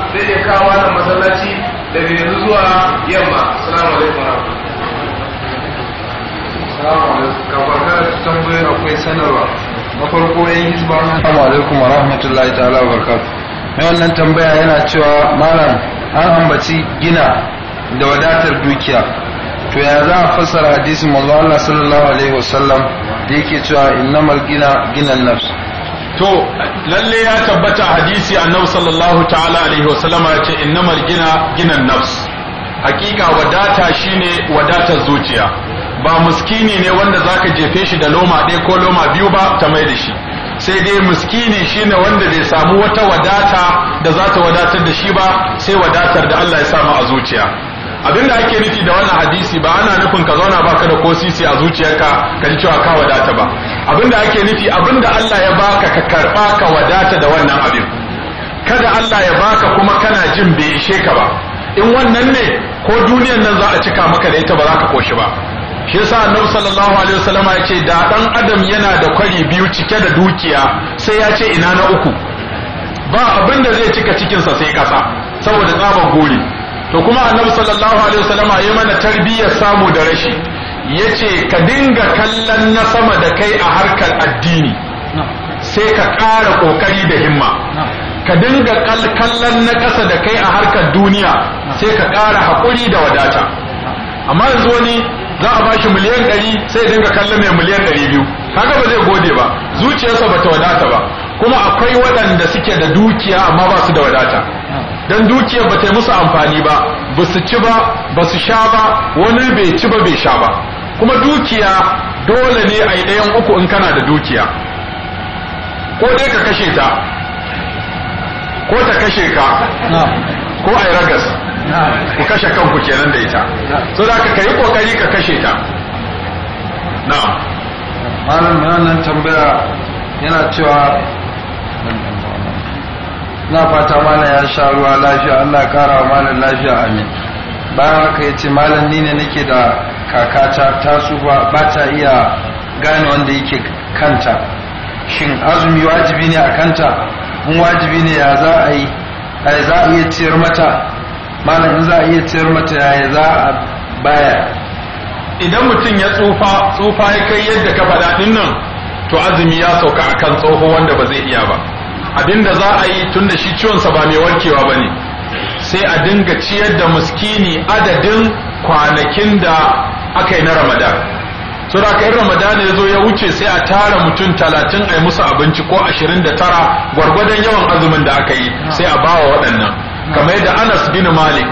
[SPEAKER 5] kawo wannan masallaci daga yanzu zuwa yamma assalamu
[SPEAKER 4] alaikum warahmatullahi akwai sanarwa na farko yan hizba assalamu alaikum warahmatullahi ta'ala wabarakatuh mai wannan tambaya yana cewa malam an ambaci gina da wadatar dukiya to ya za a fassara hadisin manzo Allah sallallahu alaihi wasallam da yake cewa
[SPEAKER 1] innamal gina ginan nafs to lalle ya tabbata hadisi annabi sallallahu ta'ala alaihi wasallama ya ce innamal gina ginan nafs hakika wadata shine wadatar zuciya ba muskini ne wanda zaka jefe shi da loma ɗaya ko loma biyu ba ta mai da shi sai dai muskini shine wanda bai samu wata wadata da za ta wadatar da shi ba sai wadatar da Allah ya samu a zuciya abinda ake nufi da wannan hadisi ba ana nufin ka zauna baka da ko sisi a zuciyarka ka ji cewa ka wadata ba abinda ake nufi abinda Allah ya baka ka karba ka wadata da wannan abin kada Allah ya baka kuma kana jin bai ishe ka ba in wannan ne ko duniyar nan za a cika maka da ita ba za ka koshi ba shi yasa annabi sallallahu alaihi wasallam ya ce da dan adam yana da kwari biyu cike da dukiya sai ya ce ina na uku ba abin da zai cika cikinsa sai kasa saboda tsaban gori to kuma annabi sallallahu alaihi wasallam ya mana tarbiyyar samu da rashi yace ka dinga kallon na sama da kai a harkar addini sai ka ƙara ƙoƙari da himma ka dinga kallon na ƙasa da kai a harkar duniya sai ka ƙara haƙuri da wadata amma yanzu wani za a bashi miliyan ɗari sai dinga kallon mai miliyan ɗari biyu kaga ba zai gode ba zuciyarsa ba ta wadata ba kuma akwai waɗanda suke da dukiya amma ba su da wadata don dukiya ba ta musu amfani ba ba su ci ba ba su sha ba wani bai ci ba bai sha ba kuma dukiya dole ne a yi ɗayan uku in kana da dukiya ko dai ka kashe ta ko ta kashe ka ko a yi ragas ku kashe kanku kenan da ita so da ka yi kokari ka kashe ta na'am malam
[SPEAKER 4] tambaya yana cewa na fata mana ya sha ruwa lafiya Allah kara mana lafiya amin bayan haka ya ce malam ni ne nake da kakata ta tsufa ba ta iya gane wanda yake kanta shin azumi wajibi ne a kanta in wajibi ne ya za a yi ai za a iya ciyar mata malam in za a iya ciyar mata ya za a
[SPEAKER 1] baya idan mutum ya tsufa tsufa ya kai yadda ka faɗa nan to azumi ya sauka akan tsoho wanda ba zai iya ba abinda za a yi tun da shi ciwon sa ba mai warkewa ba ne sai a dinga ciyar da muskini adadin kwanakin da aka yi na ramadan so da in ramadan ya zo ya wuce sai a tara mutum talatin a musu abinci ko ashirin da tara gwargwadon yawan azumin da aka yi sai a bawa waɗannan kamar yadda anas bin malik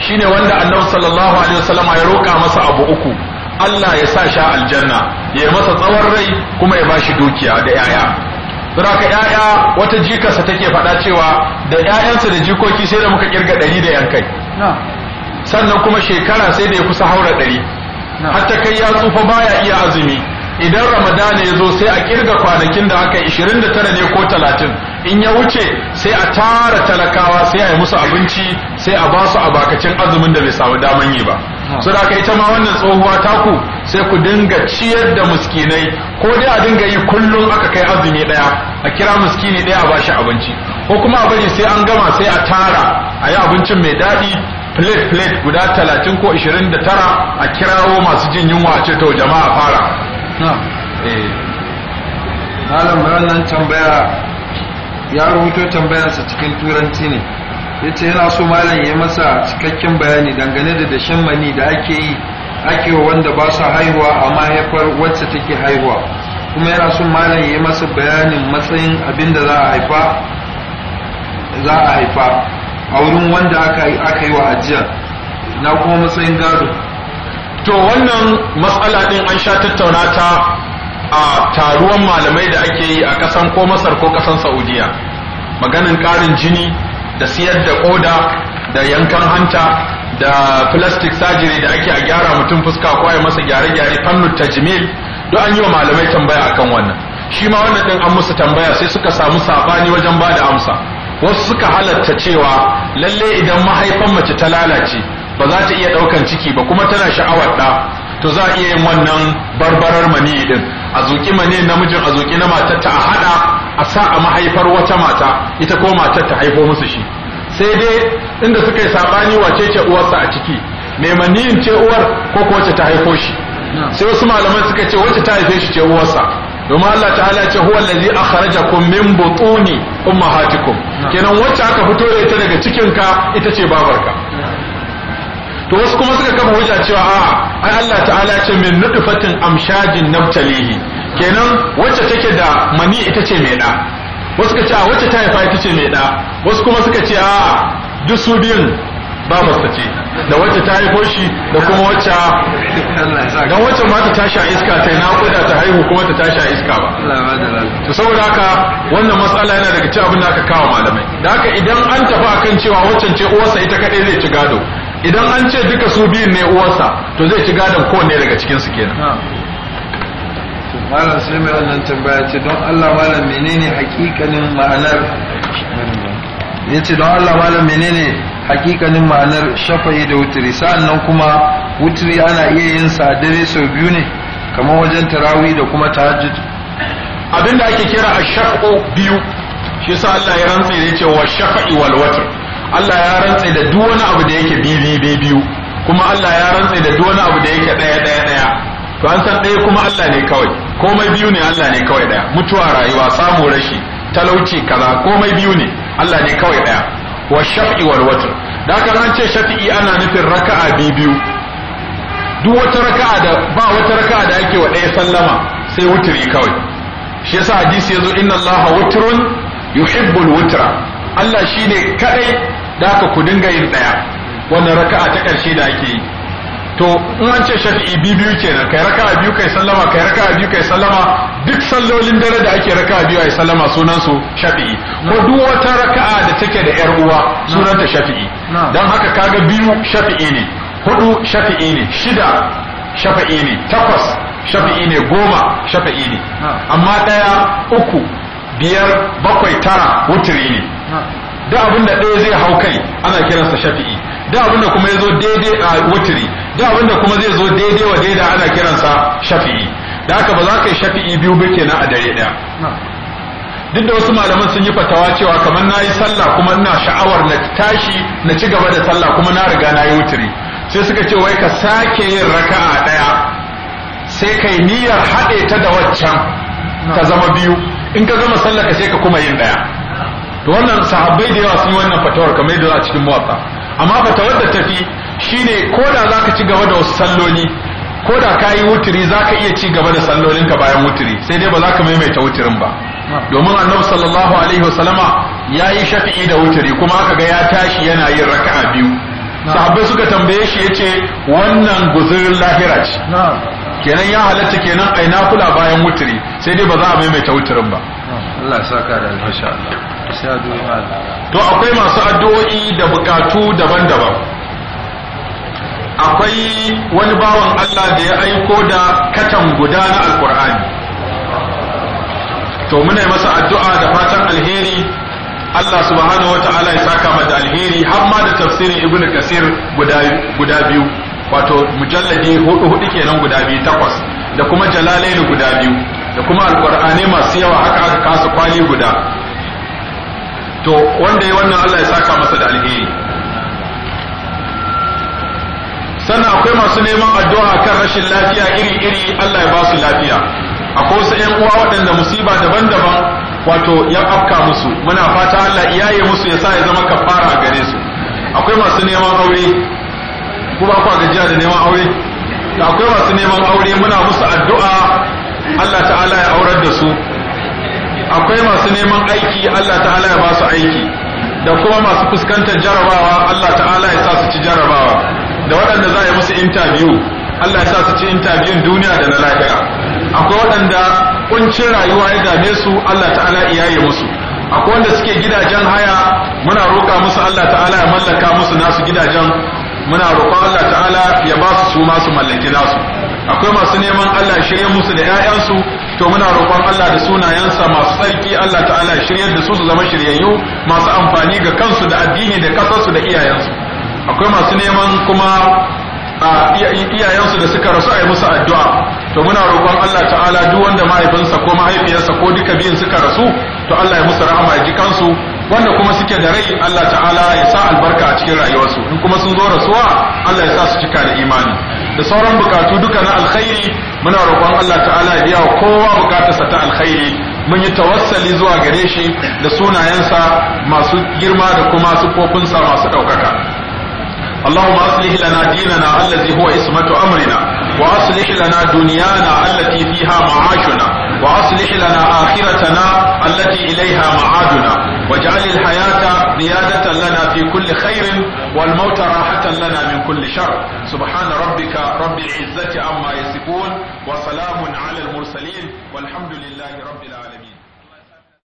[SPEAKER 1] shine wanda annabi sallallahu alaihi wasallam ya roƙa masa abu uku Allah ya sa sha aljanna ya masa tsawon rai kuma ya bashi dukiya da 'ya'ya Sura ka ‘ya'ya wata jikarsa take faɗa cewa da ‘ya'yansa da jikoki sai da muka kirga ɗari da yankai. Sannan kuma shekara sai da ya kusa haura ɗari. Hatta kai ya tsufa baya iya azumi. Idan Ramadana ya zo sai a kirga kwanakin da haka tara ne ko talatin In ya wuce sai a tara talakawa sai a yi musu abinci sai a ba su abakacin azumin da bai samu daman yi ba. su da ita ma wannan tsohuwa taku sai ku dinga ciyar da muskinai ko dai a dinga yi kullum aka kai azumi ɗaya. a kira miskini ɗaya a shi abinci ko kuma a bari sai an gama sai a tara a yi abincin mai daɗi plate plate guda talatin ko ishirin da tara a kirawo masu jin yunwa a ce to jama'a fara
[SPEAKER 4] eh. malam wannan tambaya ya rubuto tambayarsa cikin turanci ne ya yana so malam ya masa cikakken bayani dangane da dashen mani da ake yi ake wanda ba sa haihuwa a mahaifar wacce take haihuwa kuma yana son malam ya masa bayanin matsayin abin da za a haifa za a haifa a wurin wanda aka yi wa ajiya na kuma matsayin gado
[SPEAKER 1] to wannan matsala din an sha tattauna ta a taruwan malamai da ake yi a kasan ko masar ko kasan saudiya maganin karin jini da siyar da koda da yankan hanta da plastic surgery da ake a gyara mutum fuska ko a masa gyare-gyare ta tajmil duk an yi wa malamai tambaya akan wannan shi ma wannan ɗin an musu tambaya sai suka samu sabani wajen ba da amsa wasu suka halatta cewa lalle idan mahaifan mace ta lalace ba za ta iya ɗaukan ciki ba kuma tana sha'awar ɗa to za a iya yin wannan barbarar mani din a zuki mani namijin a zuki na matar ta a haɗa a sa a mahaifar wata mata ita ko matar ta haifo musu shi sai dai inda suka yi sabani wace ce uwarsa a ciki mai maniyin ce uwar ko ko ta haifo shi sai wasu malaman suka ce wacce ta haife shi ce uwarsa domin Allah ta'ala ce huwa allazi akhrajakum min butuni ummahatikum kenan wacce aka fito da ita daga cikin ka ita ce babarka to wasu kuma suka kafa hujja cewa a ai Allah ta'ala ce min nutfatin amshajin nabtalihi kenan wacce take da mani ita ce mai da wasu suka ce a wacce ta haifa ita ce mai da wasu kuma suka ce a duk su biyun Ba masta ce da wacce ta haifo shi da kuma wacce don wacce ma ta tashi a iska ta na kuda ta haihu kuma ta tashi a iska ba to saboda haka wannan matsala yana daga cikin abin da aka kawo malamai da haka idan an tafi akan cewa waccan ce uwarsa ita kadai zai ci gado idan an ce duka su biyun ne uwarsa to zai ci gadon kowanne daga
[SPEAKER 4] cikin su kenan malam sai mai wannan tambaya ce don Allah malam menene hakikanin ma'anar ya ce don Allah malam menene hakikanin ma'anar shafa'i da wuturi sa'annan kuma wuturi ana iya yin sa dare sau biyu ne kamar wajen tarawih da kuma tahajjud
[SPEAKER 1] abinda ake kira a shafa'o biyu shi sa Allah ya rantse da yake wa shafa'i wal watr Allah ya rantse da duk wani abu da yake biyu biyu kuma Allah ya rantse da duk wani abu da yake daya daya daya to an san ɗaya kuma Allah ne kawai komai biyu ne Allah ne kawai ɗaya mutuwa rayuwa samu rashi talauci kaza komai biyu ne Allah ne kawai daya wa shaf'i wal watr da haka an ce shafi'i ana nufin raka'a biyu duk wata raka'a da ba wata raka'a da ake wa daya sallama sai wutri kawai shi yasa hadisi yazo inna Allah wutrun yuhibbul wutra Allah shine kadai da haka ku dinga yin daya wannan raka'a ta karshe da ake yi to in an ce shafi'i bi biyu kenan kai raka biyu kai sallama kai raka biyu kai sallama duk sallolin dare da ake raka biyu ai sallama sunan su shafi'i ko duk wata raka'a da take da yar uwa sunan ta shafi'i dan haka kaga biyu shafi'i ne hudu shafi'i ne shida shafi'i ne takwas shafi'i ne goma shafi'i ne amma daya uku biyar bakwai tara wutiri ne da abin ɗaya zai hau kai ana kiransa shafi'i da abin kuma ya zo daidai a wutiri da abin kuma zai zo daidai wa daida ana kiransa shafi'i da haka ba za ka yi shafi'i biyu ba kenan a dare ɗaya duk da wasu malaman sun yi fatawa cewa kamar na yi sallah kuma ina sha'awar na tashi na ci gaba da sallah kuma na riga na yi wutiri sai suka ce wai ka sake yin raka'a ɗaya sai kai niyyar haɗe ta da waccan ka zama biyu in ka gama sallah ka sai ka kuma yin ɗaya to wannan sahabbai da yawa sun yi wannan fatawar kamar yadda a cikin muwatta amma fatawar da tafi shine ko da zaka ci gaba da wasu salloli ko da ka yi wuturi za ka iya ci gaba da sallolinka bayan wuturi sai dai ba za ka maimaita wuturin ba domin annabi sallallahu alaihi wasallama ya yi shafi'i da wuturi kuma aka ga ya tashi yana yin raka'a biyu sahabbai suka tambaye shi yace wannan guzurin lahira ce kenan ya halatta kenan a ina kula bayan wuturi? sai dai ba za a maimaita wuturin ba
[SPEAKER 4] Allah saka da masha Allah to akwai masu addu'o'i
[SPEAKER 1] da bukatu daban-daban akwai wani bawan Allah da ya aiko da katan guda na alkur'ani to muna yi masa addu'a da fatan alheri Allah subhanahu wata'ala ya saka mata alheri har ma da tafsirin ibnu kasir guda guda biyu wato mujalladi hudu hudu kenan guda biyu takwas da kuma jalalaini guda biyu da kuma alqur'ani masu yawa haka aka kasa kwali guda to wanda ya wannan Allah ya saka masa da alheri sannan akwai masu neman addu'a kan rashin lafiya iri-iri Allah ya ba su lafiya akwai wasu ƴan uwa waɗanda musiba daban-daban wato ya afka musu muna fata Allah iyaye musu ya sa ya zama kafara a gare su akwai masu neman aure ku ba ku gajiya da neman aure da akwai masu neman aure muna musu addu'a Allah ta'ala ya aurar da su akwai masu neman aiki Allah ta'ala ya ba su aiki da kuma masu fuskantar jarabawa Allah ta'ala ya sa su ci jarabawa da waɗanda za a yi musu interview Allah ya sa su ci interview duniya da na lafiya akwai waɗanda kuncin rayuwa ya dame su Allah ta'ala iyaye musu akwai wanda suke gidajen haya muna roƙa musu Allah ta'ala ya mallaka musu nasu gidajen muna roƙa Allah ta'ala ya ba su su masu mallaki nasu akwai masu neman Allah ya shirye musu da 'ya'yansu to muna roƙon Allah da sunayensa masu tsarki Allah ta'ala ya shiryar da su su zama shiryayyu masu amfani ga kansu da addini da kasarsu da iyayensu akwai masu neman kuma iyayensu da suka rasu a yi musu addu'a to muna roƙon Allah ta'ala duk wanda mahaifinsa ko mahaifiyarsa ko duka biyun suka rasu to Allah ya musu rahama ya ji kansu wanda kuma suke da rai Allah ta'ala ya sa albarka a cikin rayuwarsu in kuma sun zo rasuwa Allah ya sa su cika da imani da sauran bukatu duka na alkhairi muna roƙon Allah ta'ala ya biya wa kowa bukatarsa ta alkhairi mun yi tawassali zuwa gare shi da sunayensa masu girma da kuma sufofinsa masu ɗaukaka اللهم اصلح لنا ديننا الذي هو عصمة امرنا واصلح لنا دنيانا التي فيها معاشنا واصلح لنا اخرتنا التي اليها معادنا واجعل الحياة زيادة لنا في كل خير والموت راحة لنا من كل شر سبحان ربك رب العزة عما يصفون وسلام على المرسلين والحمد لله
[SPEAKER 3] رب العالمين